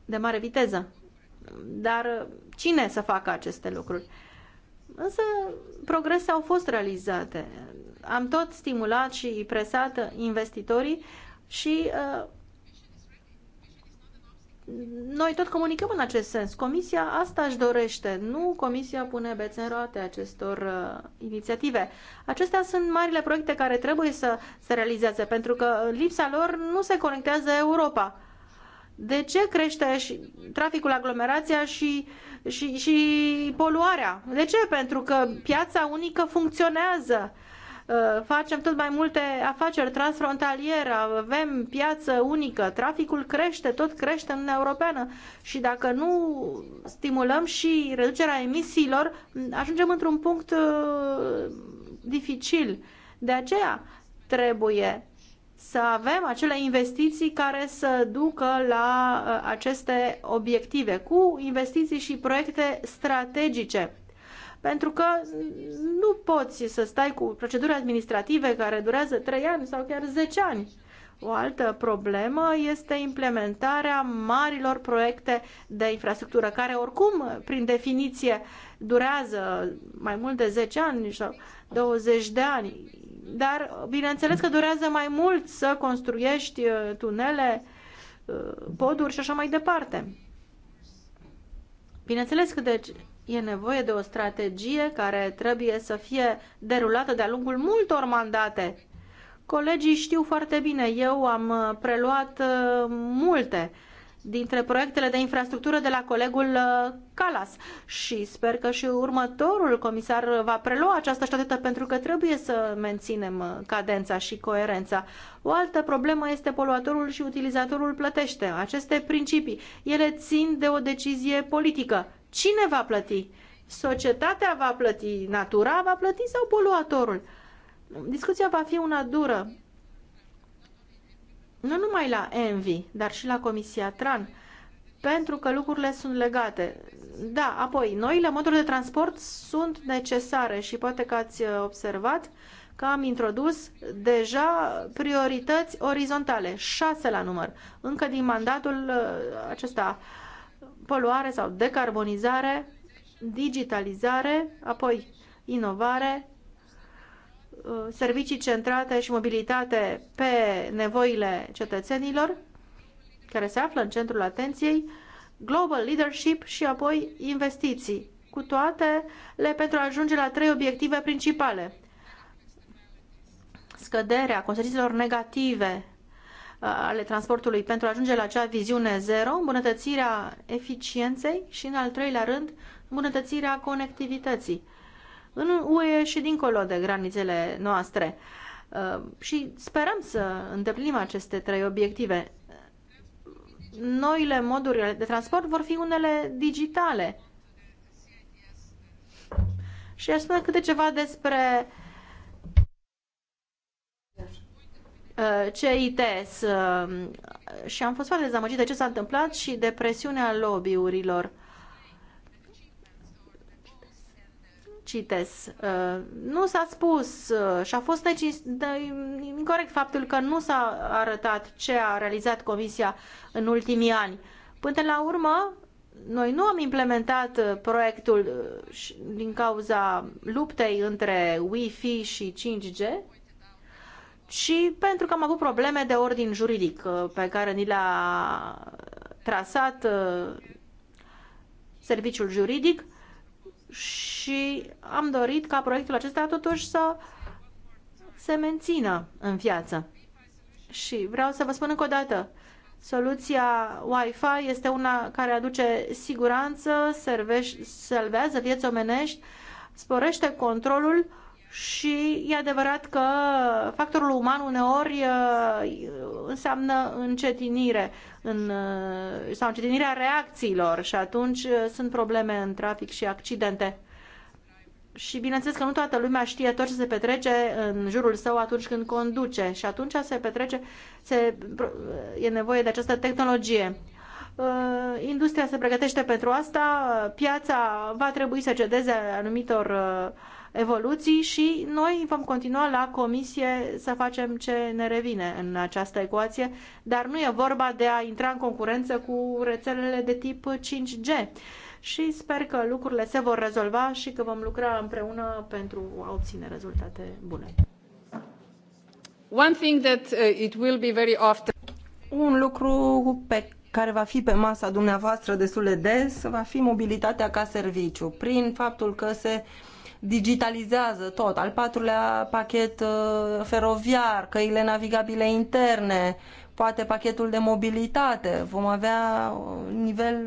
de mare viteză. Dar cine să facă aceste lucruri? Însă progrese au fost realizate am tot stimulat și presat investitorii și uh, noi tot comunicăm în acest sens. Comisia asta își dorește, nu Comisia pune bețe în roate acestor uh, inițiative. Acestea sunt marile proiecte care trebuie să se realizeze, pentru că lipsa lor nu se conectează Europa. De ce crește și traficul, aglomerația și, și, și poluarea? De ce? Pentru că piața unică funcționează Uh, facem tot mai multe afaceri transfrontaliere, avem piață unică, traficul crește, tot crește în Uniunea Europeană și dacă nu stimulăm și reducerea emisiilor, ajungem într-un punct uh, dificil. De aceea trebuie să avem acele investiții care să ducă la uh, aceste obiective, cu investiții și proiecte strategice pentru că nu poți să stai cu proceduri administrative care durează 3 ani sau chiar 10 ani. O altă problemă este implementarea marilor proiecte de infrastructură, care oricum, prin definiție, durează mai mult de 10 ani sau 20 de ani. Dar, bineînțeles că durează mai mult să construiești uh, tunele, uh, poduri și așa mai departe. Bineînțeles că, deci, e nevoie de o strategie care trebuie să fie derulată de-a lungul multor mandate. Colegii știu foarte bine, eu am uh, preluat uh, multe dintre proiectele de infrastructură de la colegul uh, Calas și sper că și următorul comisar va prelua această ștatetă pentru că trebuie să menținem cadența și coerența. O altă problemă este poluatorul și utilizatorul plătește. Aceste principii, ele țin de o decizie politică Cine va plăti? Societatea va plăti, natura va plăti sau poluatorul? Discuția va fi una dură. Nu numai la Envi, dar și la Comisia Tran, pentru că lucrurile sunt legate. Da, apoi, noile moduri de transport sunt necesare și poate că ați observat că am introdus deja priorități orizontale, șase la număr, încă din mandatul uh, acesta poluare sau decarbonizare, digitalizare, apoi inovare, uh, servicii centrate și mobilitate pe nevoile cetățenilor, care se află în centrul atenției, global leadership și apoi investiții, cu toate le pentru a ajunge la trei obiective principale. Scăderea consecințelor negative Uh, ale transportului pentru a ajunge la acea viziune zero, îmbunătățirea eficienței și, în al treilea rând, îmbunătățirea conectivității în UE și dincolo de granițele noastre. Uh, și sperăm să îndeplinim aceste trei obiective. Noile moduri de transport vor fi unele digitale. Și aș spune câte ceva despre uh, Uh, CITS uh, și am fost foarte dezamăgit de ce s-a întâmplat și de presiunea lobby-urilor. CITES. Uh, nu s-a spus și a fost incorrect faptul că nu s-a arătat ce a realizat Comisia în ultimii ani. Până la urmă, noi nu am implementat proiectul din cauza luptei între Wi-Fi și 5G, și pentru că am avut probleme de ordin juridic uh, pe care ni le-a trasat uh, serviciul juridic și am dorit ca proiectul acesta totuși să se mențină în viață. Și vreau să vă spun încă o dată, soluția Wi-Fi este una care aduce siguranță, servește, salvează vieți omenești, sporește controlul și e adevărat că factorul uman uneori uh, înseamnă încetinire în, uh, sau încetinirea reacțiilor și atunci uh, sunt probleme în trafic și accidente. Și bineînțeles că nu toată lumea știe tot ce se petrece în jurul său atunci când conduce și atunci se petrece, se, e nevoie de această tehnologie. Industria se pregătește pentru asta, piața va trebui să cedeze anumitor uh, evoluții și noi vom continua la comisie să facem ce ne revine în această ecuație, dar nu e vorba de a intra în concurență cu rețelele de tip 5G. Și sper că lucrurile se vor rezolva și că vom lucra împreună pentru a obține rezultate bune. One thing that uh, it will be very often... Un lucru pe care va fi pe masa dumneavoastră destul de des va fi mobilitatea ca serviciu, prin faptul că se uh, digitalizează tot. Al patrulea pachet uh, feroviar, căile navigabile interne, poate pachetul de mobilitate, vom avea uh, nivel,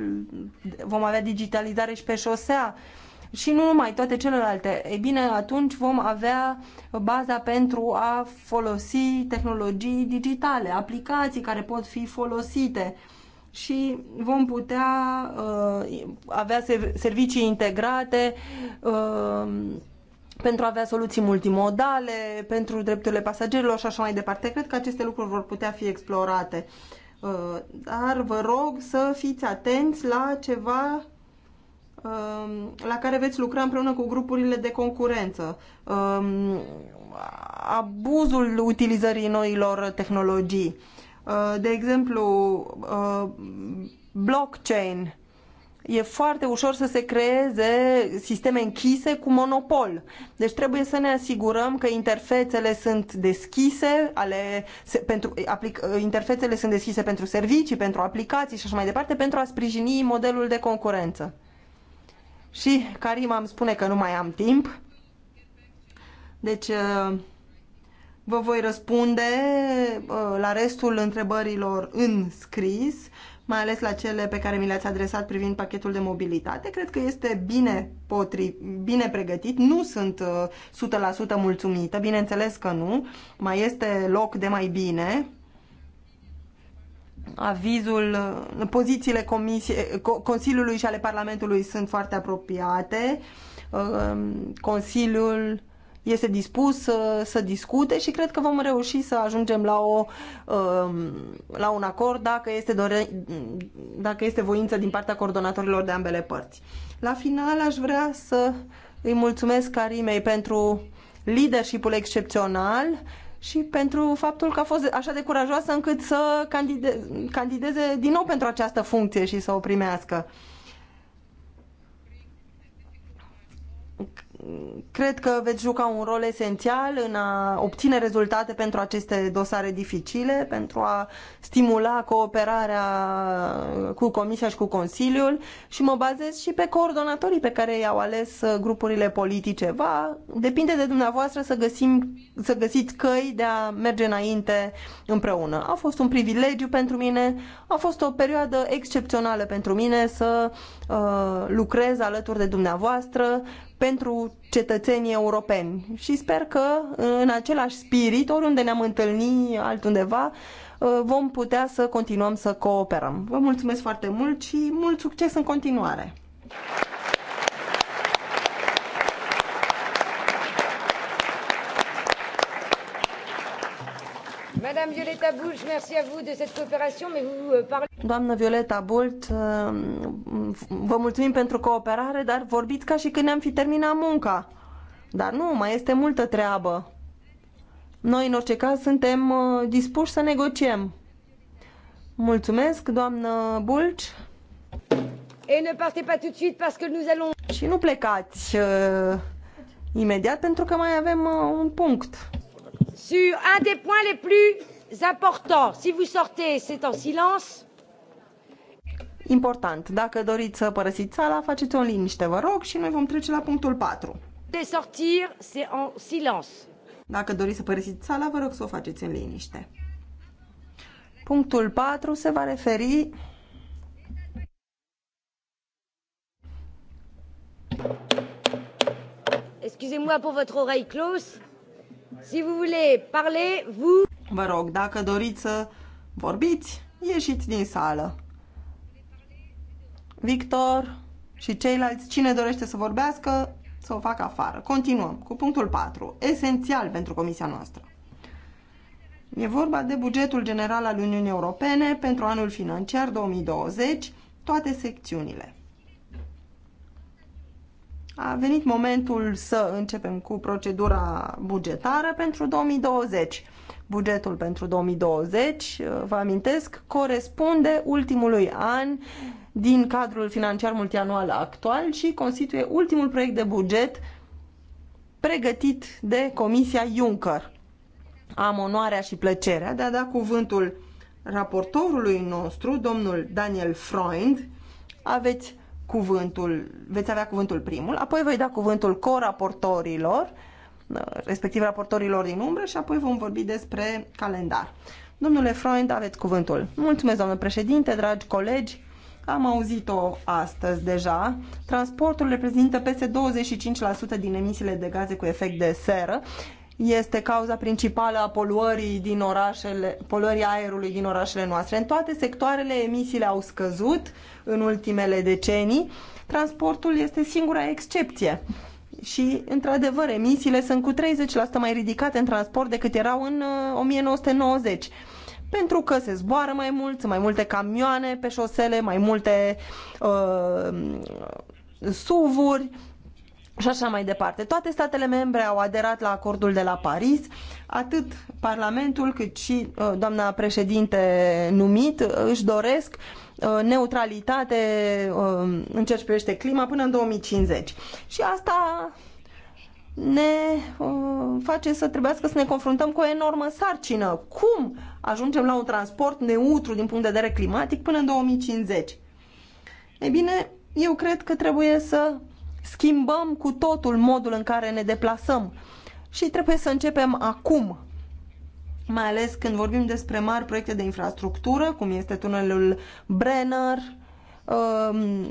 vom avea digitalizare și pe șosea și nu numai toate celelalte. Ei bine, atunci vom avea baza pentru a folosi tehnologii digitale, aplicații care pot fi folosite și vom putea uh, avea servicii integrate uh, pentru a avea soluții multimodale, pentru drepturile pasagerilor și așa mai departe. Cred că aceste lucruri vor putea fi explorate. Uh, dar vă rog să fiți atenți la ceva uh, la care veți lucra împreună cu grupurile de concurență. Uh, abuzul utilizării noilor tehnologii Uh, de exemplu, uh, blockchain. E foarte ușor să se creeze sisteme închise cu monopol. Deci trebuie să ne asigurăm că interfețele sunt deschise, ale, pentru, aplic, uh, interfețele sunt deschise pentru servicii, pentru aplicații și așa mai departe, pentru a sprijini modelul de concurență. Și Karima îmi spune că nu mai am timp. Deci Vă voi răspunde uh, la restul întrebărilor în scris, mai ales la cele pe care mi le-ați adresat privind pachetul de mobilitate. Cred că este bine, potri, bine pregătit. Nu sunt 100% uh, mulțumită, bineînțeles că nu. Mai este loc de mai bine. Avizul, uh, pozițiile comisie, Consiliului și ale Parlamentului sunt foarte apropiate. Consiliul este dispus să, să discute și cred că vom reuși să ajungem la, o, um, la un acord dacă este, dore, dacă este voință din partea coordonatorilor de ambele părți. La final aș vrea să îi mulțumesc Carimei pentru leadership-ul excepțional și pentru faptul că a fost așa de curajoasă încât să candide, candideze din nou pentru această funcție și să o primească cred că veți juca un rol esențial în a obține rezultate pentru aceste dosare dificile, pentru a stimula cooperarea cu Comisia și cu Consiliul și mă bazez și pe coordonatorii pe care i-au ales uh, grupurile politice. Va depinde de dumneavoastră să, găsim, să găsiți căi de a merge înainte împreună. A fost un privilegiu pentru mine, a fost o perioadă excepțională pentru mine să uh, lucrez alături de dumneavoastră, pentru cetățenii europeni. Și sper că în același spirit, oriunde ne-am întâlnit altundeva, uh, vom putea să continuăm să cooperăm. Vă mulțumesc foarte mult și mult succes în continuare! Madame Violeta Bulc, merci à vous de cette coopération, mais vous euh, parlez... Doamnă Violeta Bult, uh, vă mulțumim pentru cooperare, dar vorbiți ca și când ne-am fi terminat munca. Dar nu, mai este multă treabă. Noi, în orice caz, suntem uh, dispuși să negociem. Mulțumesc, doamnă Bulci. Et ne partez pas tout de suite parce que nous allons... Și nu plecați uh, imediat pentru că mai avem uh, un punct sur un des points les plus importants. Si vous sortez, c'est en silence. Important. Dacă doriți să părăsiți sala, faceți-o în liniște, vă rog, și noi vom trece la punctul 4. De sortir, c'est en silence. Dacă doriți să părăsiți sala, vă rog să o faceți în liniște. Punctul 4 se va referi Excusez-moi pour votre oreille close. Si vous voulez parler, vous... Vă rog, dacă doriți să vorbiți, ieșiți din sală. Victor și ceilalți, cine dorește să vorbească, să o facă afară. Continuăm cu punctul 4, esențial pentru comisia noastră. E vorba de bugetul general al Uniunii Europene pentru anul financiar 2020, toate secțiunile a venit momentul să începem cu procedura bugetară pentru 2020. Bugetul pentru 2020, uh, vă amintesc, corespunde ultimului an din cadrul financiar multianual actual și constituie ultimul proiect de buget pregătit de Comisia Juncker. Am onoarea și plăcerea de a da cuvântul raportorului nostru, domnul Daniel Freund. Aveți cuvântul, veți avea cuvântul primul, apoi voi da cuvântul coraportorilor, uh, respectiv raportorilor din umbră și apoi vom vorbi despre calendar. Domnule Freund, aveți cuvântul. Mulțumesc, domnule președinte, dragi colegi. Am auzit-o astăzi deja. Transportul reprezintă peste 25% din emisiile de gaze cu efect de seră este cauza principală a poluării, din orașele, poluării aerului din orașele noastre. În toate sectoarele emisiile au scăzut în ultimele decenii. Transportul este singura excepție. Și, într-adevăr, emisiile sunt cu 30% mai ridicate în transport decât erau în 1990 uh, pentru că se zboară mai mult, sunt mai multe camioane pe șosele, mai multe uh, suvuri, și așa mai departe. Toate statele membre au aderat la acordul de la Paris, atât Parlamentul cât și uh, doamna președinte numit uh, își doresc uh, neutralitate în ceea ce privește clima până în 2050. Și asta ne face să trebuiască să ne confruntăm cu o enormă sarcină. Cum ajungem la un transport neutru din punct de vedere climatic până în 2050? Ei bine, eu cred că trebuie să schimbăm cu totul modul în care ne deplasăm. Și trebuie să începem acum, mai ales când vorbim despre mari proiecte de infrastructură, cum este tunelul Brenner, um,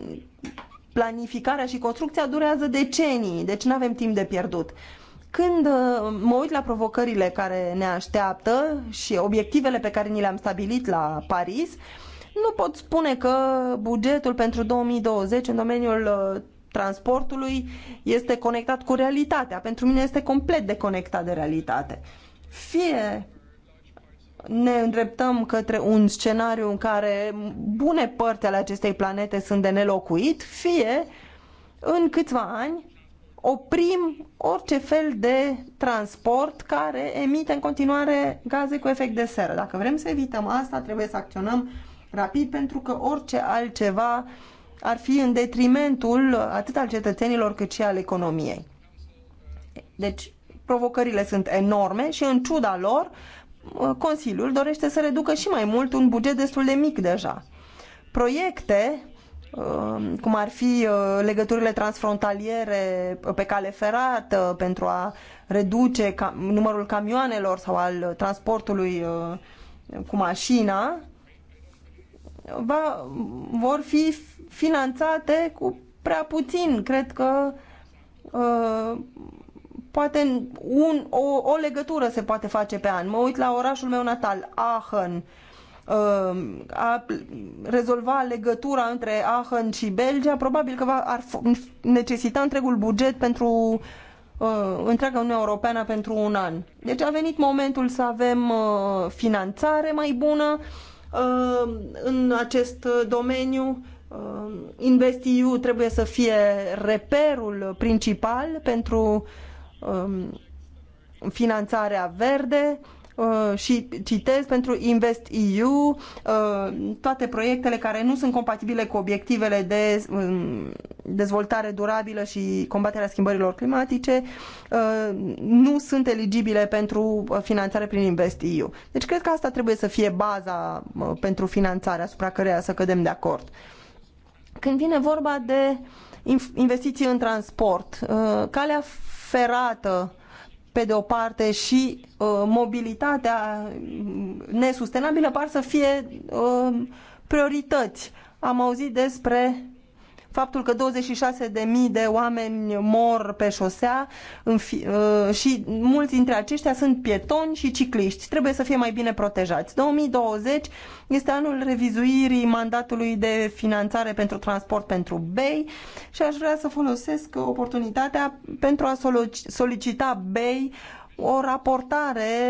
planificarea și construcția durează decenii, deci nu avem timp de pierdut. Când uh, mă uit la provocările care ne așteaptă și obiectivele pe care ni le-am stabilit la Paris, nu pot spune că bugetul pentru 2020 în domeniul uh, transportului este conectat cu realitatea. Pentru mine este complet deconectat de realitate. Fie ne îndreptăm către un scenariu în care bune părți ale acestei planete sunt de nelocuit, fie în câțiva ani oprim orice fel de transport care emite în continuare gaze cu efect de seră. Dacă vrem să evităm asta, trebuie să acționăm rapid pentru că orice altceva ar fi în detrimentul atât al cetățenilor cât și al economiei. Deci, provocările sunt enorme și, în ciuda lor, Consiliul dorește să reducă și mai mult un buget destul de mic deja. Proiecte um, cum ar fi uh, legăturile transfrontaliere pe cale ferată pentru a reduce numărul camioanelor sau al transportului uh, cu mașina, va, vor fi finanțate cu prea puțin. Cred că uh, poate un, o, o legătură se poate face pe an. Mă uit la orașul meu natal, Aachen. Uh, a rezolva legătura între Aachen și Belgia, probabil că va, ar necesita întregul buget pentru uh, întreaga Uniune Europeană pentru un an. Deci a venit momentul să avem uh, finanțare mai bună uh, în acest domeniu Um, InvestEU trebuie să fie reperul principal pentru um, finanțarea verde uh, și citez pentru InvestEU uh, toate proiectele care nu sunt compatibile cu obiectivele de um, dezvoltare durabilă și combaterea schimbărilor climatice uh, nu sunt eligibile pentru finanțare prin InvestEU. Deci cred că asta trebuie să fie baza pentru finanțare asupra căreia să cădem de acord. Când vine vorba de investiții în transport, uh, calea ferată, pe de o parte și uh, mobilitatea nesustenabilă par să fie uh, priorități. Am auzit despre faptul că 26.000 de oameni mor pe șosea uh, și mulți dintre aceștia sunt pietoni și cicliști. Trebuie să fie mai bine protejați. 2020 este anul revizuirii mandatului de finanțare pentru transport pentru BEI și aș vrea să folosesc oportunitatea pentru a solicita BEI o raportare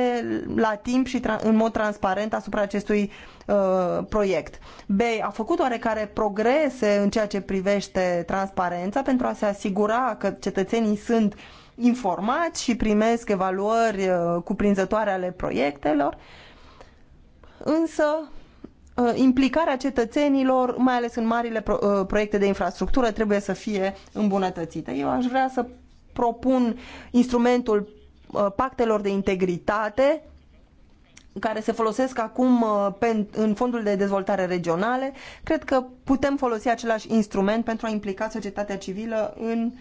la timp și în mod transparent asupra acestui uh, proiect. B. a făcut oarecare progrese în ceea ce privește transparența pentru a se asigura că cetățenii sunt informați și primesc evaluări uh, cuprinzătoare ale proiectelor, însă uh, implicarea cetățenilor, mai ales în marile pro proiecte de infrastructură, trebuie să fie îmbunătățită. Eu aș vrea să propun instrumentul Uh, pactelor de integritate care se folosesc acum uh, în fondul de dezvoltare regionale, cred că putem folosi același instrument pentru a implica societatea civilă în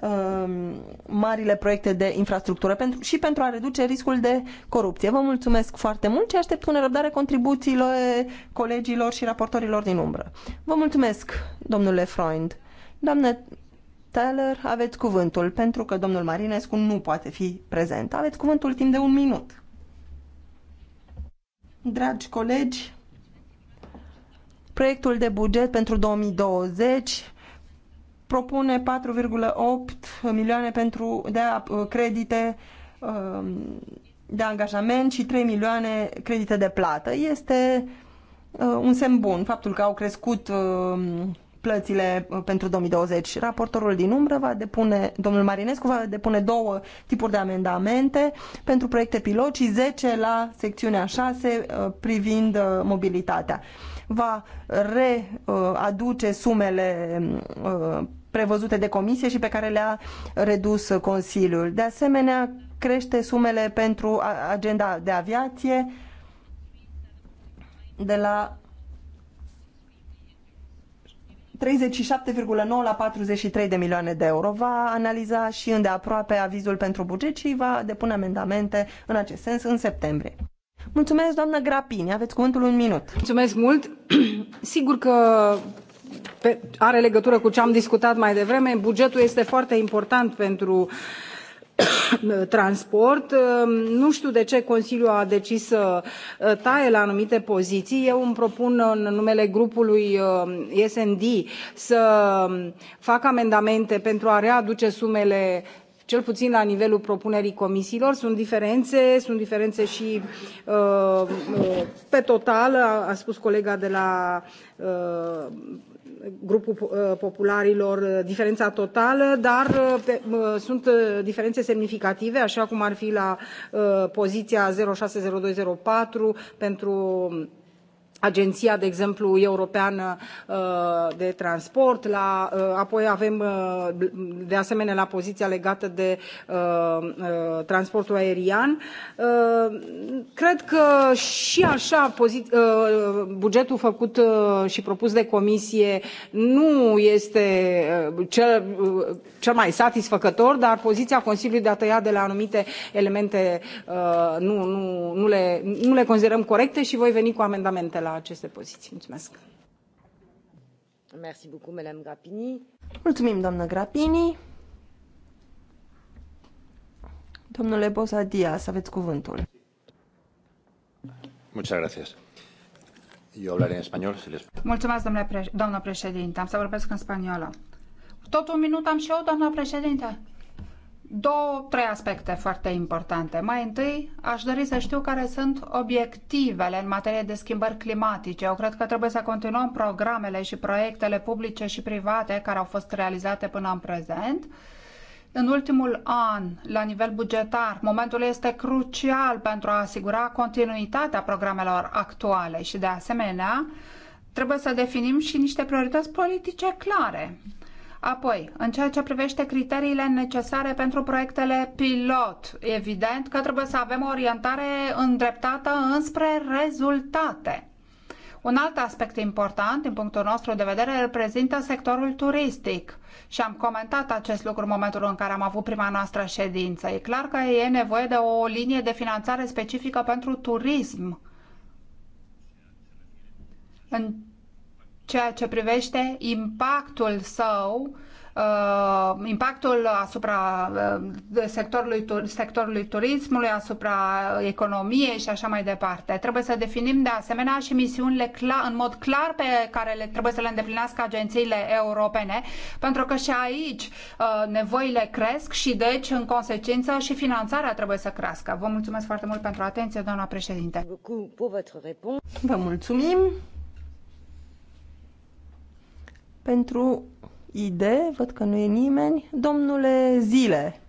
um, marile proiecte de infrastructură pentru, și pentru a reduce riscul de corupție. Vă mulțumesc foarte mult și aștept cu nerăbdare contribuțiile colegilor și raportorilor din umbră. Vă mulțumesc, domnule Freund. Doamne, Teller, aveți cuvântul, pentru că domnul Marinescu nu poate fi prezent. Aveți cuvântul timp de un minut. Dragi colegi, proiectul de buget pentru 2020 propune 4,8 milioane pentru de uh, credite um, de angajament și 3 milioane credite de plată. Este uh, un semn bun faptul că au crescut um, plățile uh, pentru 2020. Raportorul din umbră va depune, domnul Marinescu va depune două tipuri de amendamente pentru proiecte pilot și 10 la secțiunea 6 uh, privind uh, mobilitatea. Va readuce sumele prevăzute de comisie și pe care le-a redus Consiliul. De asemenea, crește sumele pentru agenda de aviație de la 37,9 la 43 de milioane de euro. Va analiza și îndeaproape avizul pentru buget și va depune amendamente în acest sens în septembrie. Mulțumesc, doamnă Grapini. Aveți cuvântul un minut. Mulțumesc mult. Sigur că pe, are legătură cu ce am discutat mai devreme. Bugetul este foarte important pentru uh, transport. Ehm, nu știu de ce Consiliul a decis să eh, taie la anumite poziții. Eu îmi propun în numele grupului eh, d să mm, fac amendamente pentru a readuce sumele cel puțin la nivelul propunerii comisiilor. Sunt diferențe, sunt diferențe și uh, pe total, a spus colega de la uh, grupul ă, popularilor ă, diferența totală, dar ă, sunt diferențe semnificative, așa cum ar fi la poziția 060204 pentru agenția de exemplu europeană uh, de transport la, uh, apoi avem uh, de asemenea la poziția legată de transportul aerian. Cred că și așa bugetul făcut și propus de comisie nu este cel, cel mai satisfăcător, dar poziția Consiliului de a tăia de la anumite elemente nu, nu, nu, le, nu le considerăm corecte și voi veni cu amendamente la la aceste poziții. Mulțumesc! Merci beaucoup, Madame Grappini. Mulțumim, doamnă Grappini. Domnule Bosa Diaz, aveți cuvântul. Muchas gracias. Yo hablaré en español. Si les... Mulțumesc, domnule pre doamnă președinte. Am să vorbesc în spaniolă. Tot un minut am și eu, doamna președinte două, trei aspecte foarte importante. Mai întâi, aș dori să știu care sunt obiectivele în materie de schimbări climatice. Eu cred că trebuie să continuăm programele și proiectele publice și private care au fost realizate până în prezent. În ultimul an, la nivel bugetar, momentul este crucial pentru a asigura continuitatea programelor actuale și, de asemenea, trebuie să definim și niște priorități politice clare. Apoi, în ceea ce privește criteriile necesare pentru proiectele pilot, evident că trebuie să avem o orientare îndreptată înspre rezultate. Un alt aspect important, din punctul nostru de vedere, reprezintă sectorul turistic. Și am comentat acest lucru în momentul în care am avut prima noastră ședință. E clar că e nevoie de o linie de finanțare specifică pentru turism. În ceea ce privește impactul său Uh, impactul asupra uh, sectorului, tur- sectorului turismului, asupra economiei și așa mai departe. Trebuie să definim de asemenea și misiunile cla- în mod clar pe care le trebuie să le îndeplinească agențiile europene, pentru că și aici uh, nevoile cresc și deci în consecință și finanțarea trebuie să crească. Vă mulțumesc foarte mult pentru atenție, doamna președinte. Vă mulțumim. Pentru ID, văd că nu e nimeni. Domnule Zile.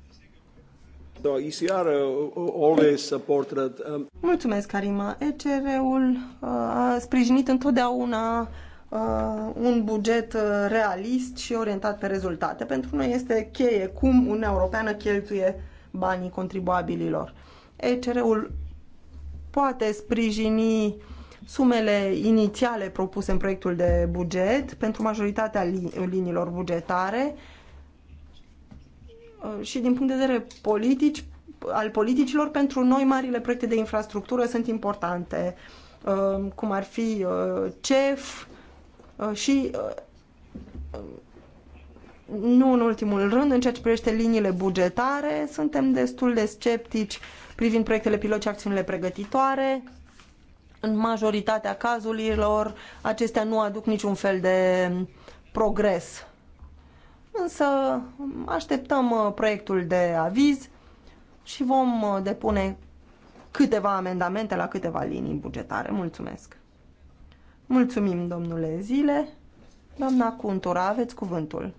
So, ECR uh, uh, always supported, um... Mulțumesc, Karima. ECR-ul uh, a sprijinit întotdeauna uh, un buget realist și orientat pe rezultate. Pentru noi este cheie cum Uniunea Europeană cheltuie banii contribuabililor. ECR-ul poate sprijini Sumele inițiale propuse în proiectul de buget pentru majoritatea liniilor bugetare uh, și din punct de vedere politici, al politicilor, pentru noi marile proiecte de infrastructură sunt importante, uh, cum ar fi uh, CEF și nu în ultimul rând, în ceea ce privește liniile bugetare, suntem destul de sceptici privind proiectele pilot și acțiunile pregătitoare. În majoritatea cazurilor, acestea nu aduc niciun fel de progres. Însă așteptăm uh, proiectul de aviz și vom uh, depune câteva amendamente la câteva linii bugetare. Mulțumesc! Mulțumim, domnule Zile. Doamna Cuntura, aveți cuvântul.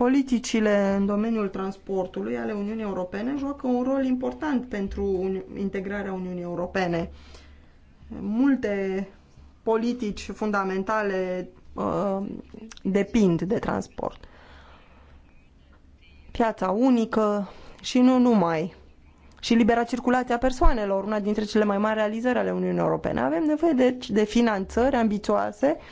Politicile în domeniul transportului ale Uniunii Europene joacă un rol important pentru integrarea Uniunii Europene. Multe politici fundamentale uh, depind de transport. Piața unică și nu numai. Și libera circulație a persoanelor, una dintre cele mai mari realizări ale Uniunii Europene. Avem nevoie de, deci, de finanțări ambițioase uh,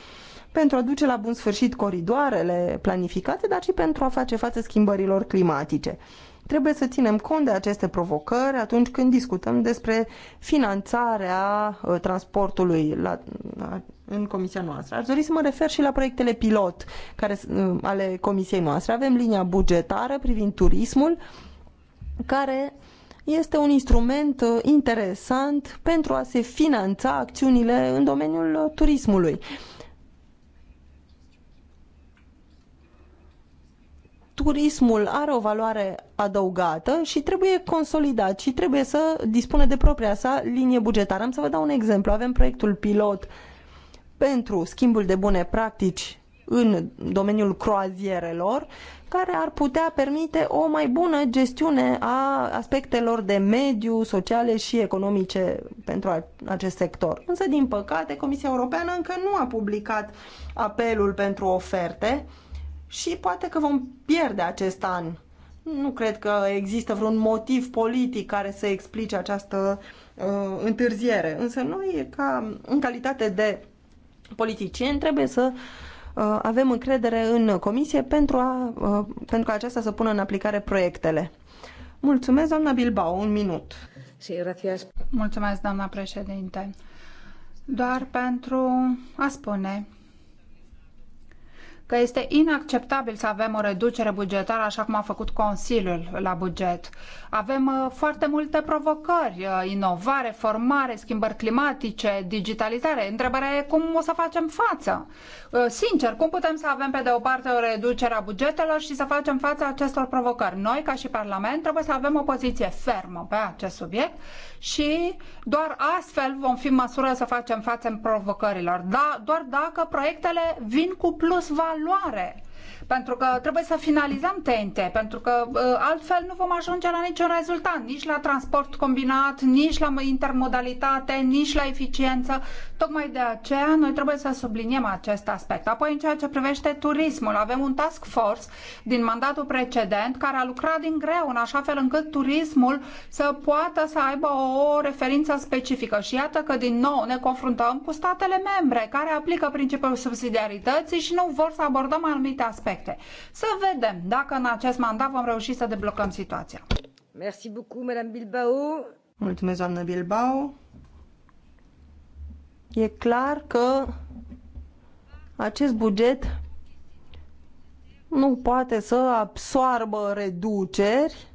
pentru a duce la bun sfârșit coridoarele planificate, dar și pentru a face față schimbărilor climatice. Trebuie să ținem cont de aceste provocări atunci când discutăm despre finanțarea uh, transportului la, în comisia noastră. Aș dori să mă refer și la proiectele pilot care, uh, ale comisiei noastre. Avem linia bugetară privind turismul, care este un instrument uh, interesant pentru a se finanța acțiunile în domeniul turismului. turismul are o valoare adăugată și trebuie consolidat și trebuie să dispune de propria sa linie bugetară. Am să vă dau un exemplu. Avem proiectul pilot pentru schimbul de bune practici în domeniul croazierelor, care ar putea permite o mai bună gestiune a aspectelor de mediu, sociale și economice pentru acest sector. Însă, din păcate, Comisia Europeană încă nu a publicat apelul pentru oferte, și poate că vom pierde acest an. Nu cred că există vreun motiv politic care să explice această uh, întârziere, însă noi, ca, în calitate de politicieni, trebuie să uh, avem încredere în comisie pentru, a, uh, pentru ca aceasta să pună în aplicare proiectele. Mulțumesc, doamna Bilbao, un minut. Sí, gracias. Mulțumesc, doamna președinte. Doar pentru a spune că este inacceptabil să avem o reducere bugetară așa cum a făcut Consiliul la buget. Avem uh, foarte multe provocări, uh, inovare, formare, schimbări climatice, digitalizare. Întrebarea e cum o să facem față. Uh, sincer, cum putem să avem pe de o parte o reducere a bugetelor și să facem față acestor provocări? Noi, ca și Parlament, trebuie să avem o poziție fermă pe acest subiect și doar astfel vom fi în măsură să facem față provocărilor. Da, doar dacă proiectele vin cu plus valoare pentru că trebuie să finalizăm TNT, pentru că uh, altfel nu vom ajunge la niciun rezultat, nici la transport combinat, nici la intermodalitate, nici la eficiență. Tocmai de aceea noi trebuie să subliniem acest aspect. Apoi, în ceea ce privește turismul, avem un task force din mandatul precedent care a lucrat din greu în așa fel încât turismul să poată să aibă o referință specifică. Și iată că din nou ne confruntăm cu statele membre care aplică principiul subsidiarității și nu vor să abordăm anumite aspecte proiecte. Să vedem dacă în acest mandat vom reuși să deblocăm situația. Merci beaucoup, Madame Bilbao. Mulțumesc, doamnă Bilbao. E clar că acest buget nu poate să absoarbă reduceri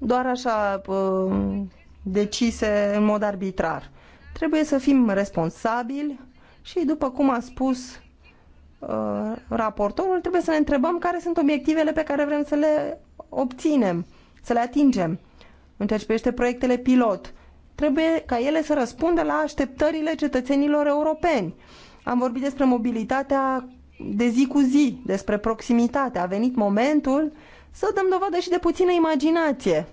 doar așa uh, decise în mod arbitrar. Trebuie să fim responsabili și, după cum a spus uh, raportorul, trebuie să ne întrebăm care sunt obiectivele pe care vrem să le obținem, să le atingem. În ceea ce privește proiectele pilot, trebuie ca ele să răspundă la așteptările cetățenilor europeni. Am vorbit despre mobilitatea de zi cu zi, despre proximitate. A venit momentul să dăm dovadă și de puțină imaginație.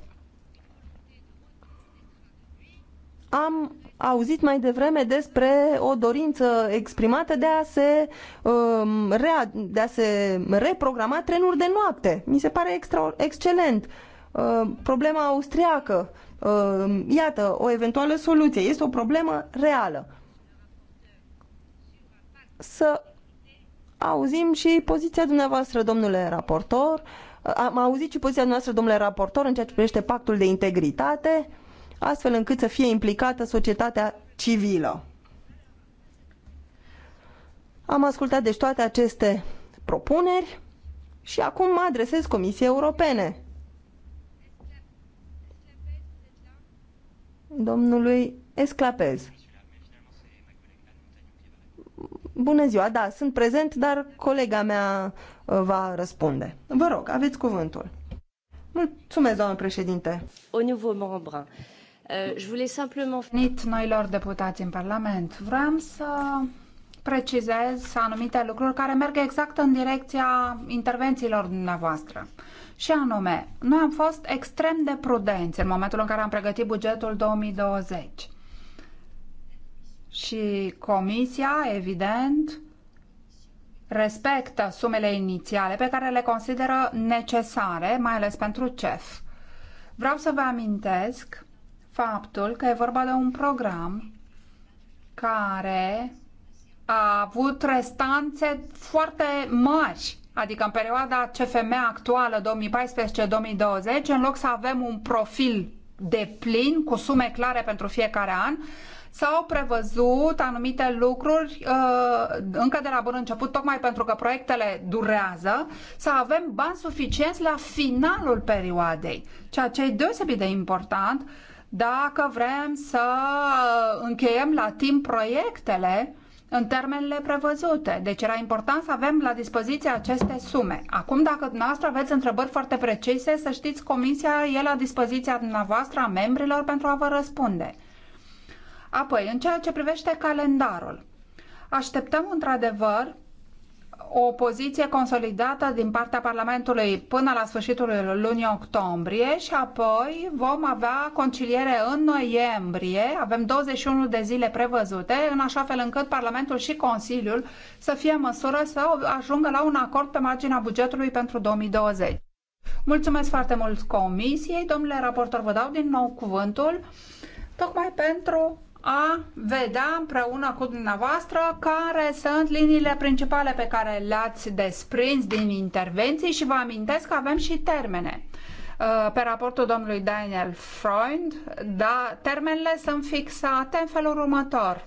Am auzit mai devreme despre o dorință exprimată de a se, um, rea, de a se reprograma trenuri de noapte. Mi se pare extra, excelent. Uh, problema austriacă, uh, iată, o eventuală soluție. Este o problemă reală. Să auzim și poziția dumneavoastră, domnule raportor. Am auzit și poziția noastră, domnule raportor, în ceea ce privește pactul de integritate. Uh, astfel încât să fie implicată societatea civilă. Am ascultat deci toate aceste propuneri și acum mă adresez Comisiei Europene. Domnului Esclapez. Bună ziua, da, sunt prezent, dar colega mea uh, va răspunde. Vă rog, aveți cuvântul. Mulțumesc, doamnă președinte. Au nouveau membre. Euh, je voulais simplement... Venit noilor deputați în Parlament. Vreau să precizez anumite lucruri care merg exact în direcția intervențiilor dumneavoastră. Și anume, noi am fost extrem de prudenți în momentul în care am pregătit bugetul 2020. Și comisia, evident, respectă sumele inițiale pe care le consideră necesare, mai ales pentru CEF. Vreau să vă amintesc faptul că e vorba de un program care a avut restanțe foarte mari Adică în perioada CFM actuală 2014-2020, în loc să avem un profil de plin cu sume clare pentru fiecare an, s-au prevăzut anumite lucruri uh, încă de la bun început, tocmai pentru că proiectele durează, să avem bani suficienți la finalul perioadei, ceea ce e deosebit de important dacă vrem să încheiem la timp proiectele în termenele prevăzute. Deci era important să avem la dispoziție aceste sume. Acum, dacă dumneavoastră aveți întrebări foarte precise, să știți, comisia e la dispoziția dumneavoastră a membrilor pentru a vă răspunde. Apoi, în ceea ce privește calendarul, așteptăm într-adevăr o poziție consolidată din partea Parlamentului până la sfârșitul lunii octombrie și apoi vom avea conciliere în noiembrie. Avem 21 de zile prevăzute, în așa fel încât Parlamentul și Consiliul să fie în măsură să ajungă la un acord pe marginea bugetului pentru 2020. Mulțumesc foarte mult Comisiei. Domnule raportor, vă dau din nou cuvântul tocmai pentru a vedea împreună cu dumneavoastră care sunt liniile principale pe care le-ați desprins din intervenții și vă amintesc că avem și termene uh, pe raportul domnului Daniel Freund, da, termenele sunt fixate în felul următor.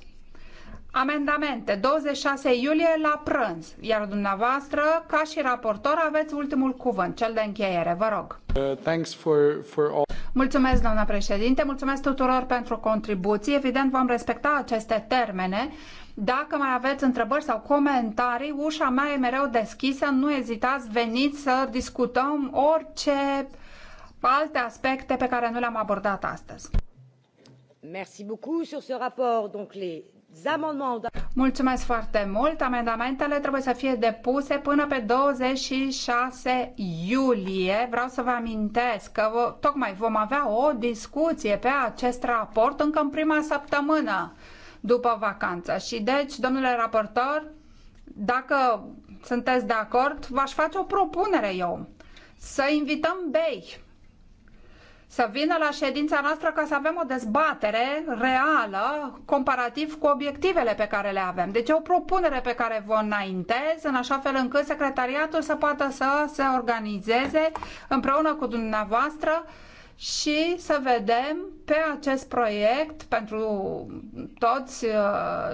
Amendamente 26 iulie la prânz, iar dumneavoastră, ca și raportor, aveți ultimul cuvânt, cel de încheiere. Vă rog. Uh, thanks for, for all... Mulțumesc, doamna președinte, mulțumesc tuturor pentru contribuții. Evident, vom respecta aceste termene. Dacă mai aveți întrebări sau comentarii, ușa mea e mereu deschisă, nu ezitați, veniți să discutăm orice alte aspecte pe care nu le-am abordat astăzi. Merci beaucoup sur ce raport, Donc les Mulțumesc foarte mult. Amendamentele trebuie să fie depuse până pe 26 iulie. Vreau să vă amintesc că tocmai vom avea o discuție pe acest raport încă în prima săptămână după vacanță. Și deci, domnule raportor, dacă sunteți de acord, v-aș face o propunere eu. Să invităm bei să vină la ședința noastră ca să avem o dezbatere reală comparativ cu obiectivele pe care le avem. Deci e o propunere pe care vă înaintez în așa fel încât secretariatul să poată să se organizeze împreună cu dumneavoastră și să vedem pe acest proiect pentru toți uh,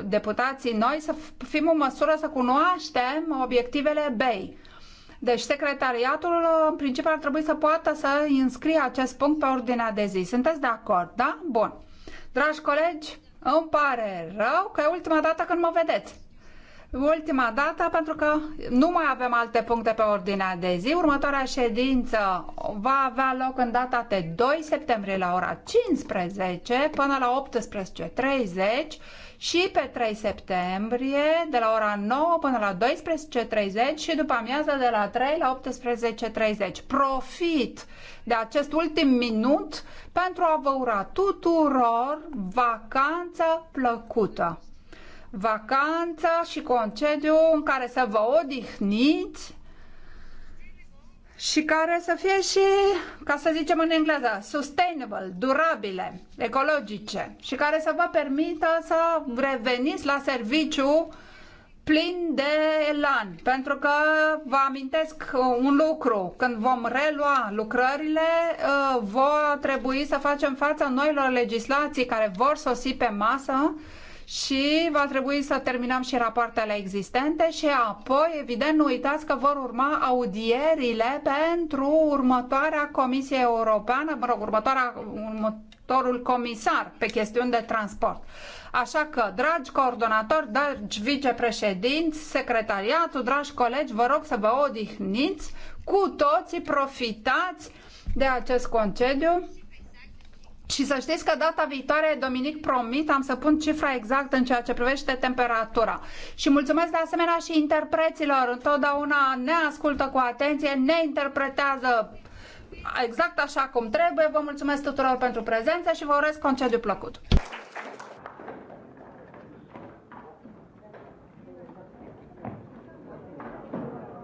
deputații noi să fim în măsură să cunoaștem obiectivele BEI. Deci secretariatul uh, în principiu ar trebui să poată să înscrie acest punct pe ordinea de zi. Sunteți de acord, da? Bun. Dragi colegi, îmi pare rău că e ultima dată când mă vedeți. Ultima dată, pentru că nu mai avem alte puncte pe ordinea de zi. Următoarea ședință va avea loc în data de 2 septembrie la ora 15 până la 18.30 și pe 3 septembrie de la ora 9 până la 12.30 și după amiază de la 3 la 18.30. Profit de acest ultim minut pentru a vă ura tuturor vacanță plăcută. Vacanță și concediu în care să vă odihniți, și care să fie și, ca să zicem în engleză, sustainable, durabile, ecologice și care să vă permită să reveniți la serviciu plin de elan. Pentru că vă amintesc un lucru, când vom relua lucrările, ă, va trebui să facem față noilor legislații care vor sosi pe masă și va trebui să terminăm și rapoartele existente și apoi, evident, nu uitați că vor urma audierile pentru următoarea Comisie Europeană, mă rog, următoarea, următorul comisar pe chestiuni de transport. Așa că, dragi coordonatori, dragi vicepreședinți, secretariatul, dragi colegi, vă rog să vă odihniți, cu toții profitați de acest concediu și să știți că data viitoare, Dominic, promit, am să pun cifra exactă în ceea ce privește temperatura. Și mulțumesc de asemenea și interpreților. Întotdeauna ne ascultă cu atenție, ne interpretează exact așa cum trebuie. Vă mulțumesc tuturor pentru prezență și vă urez concediu plăcut.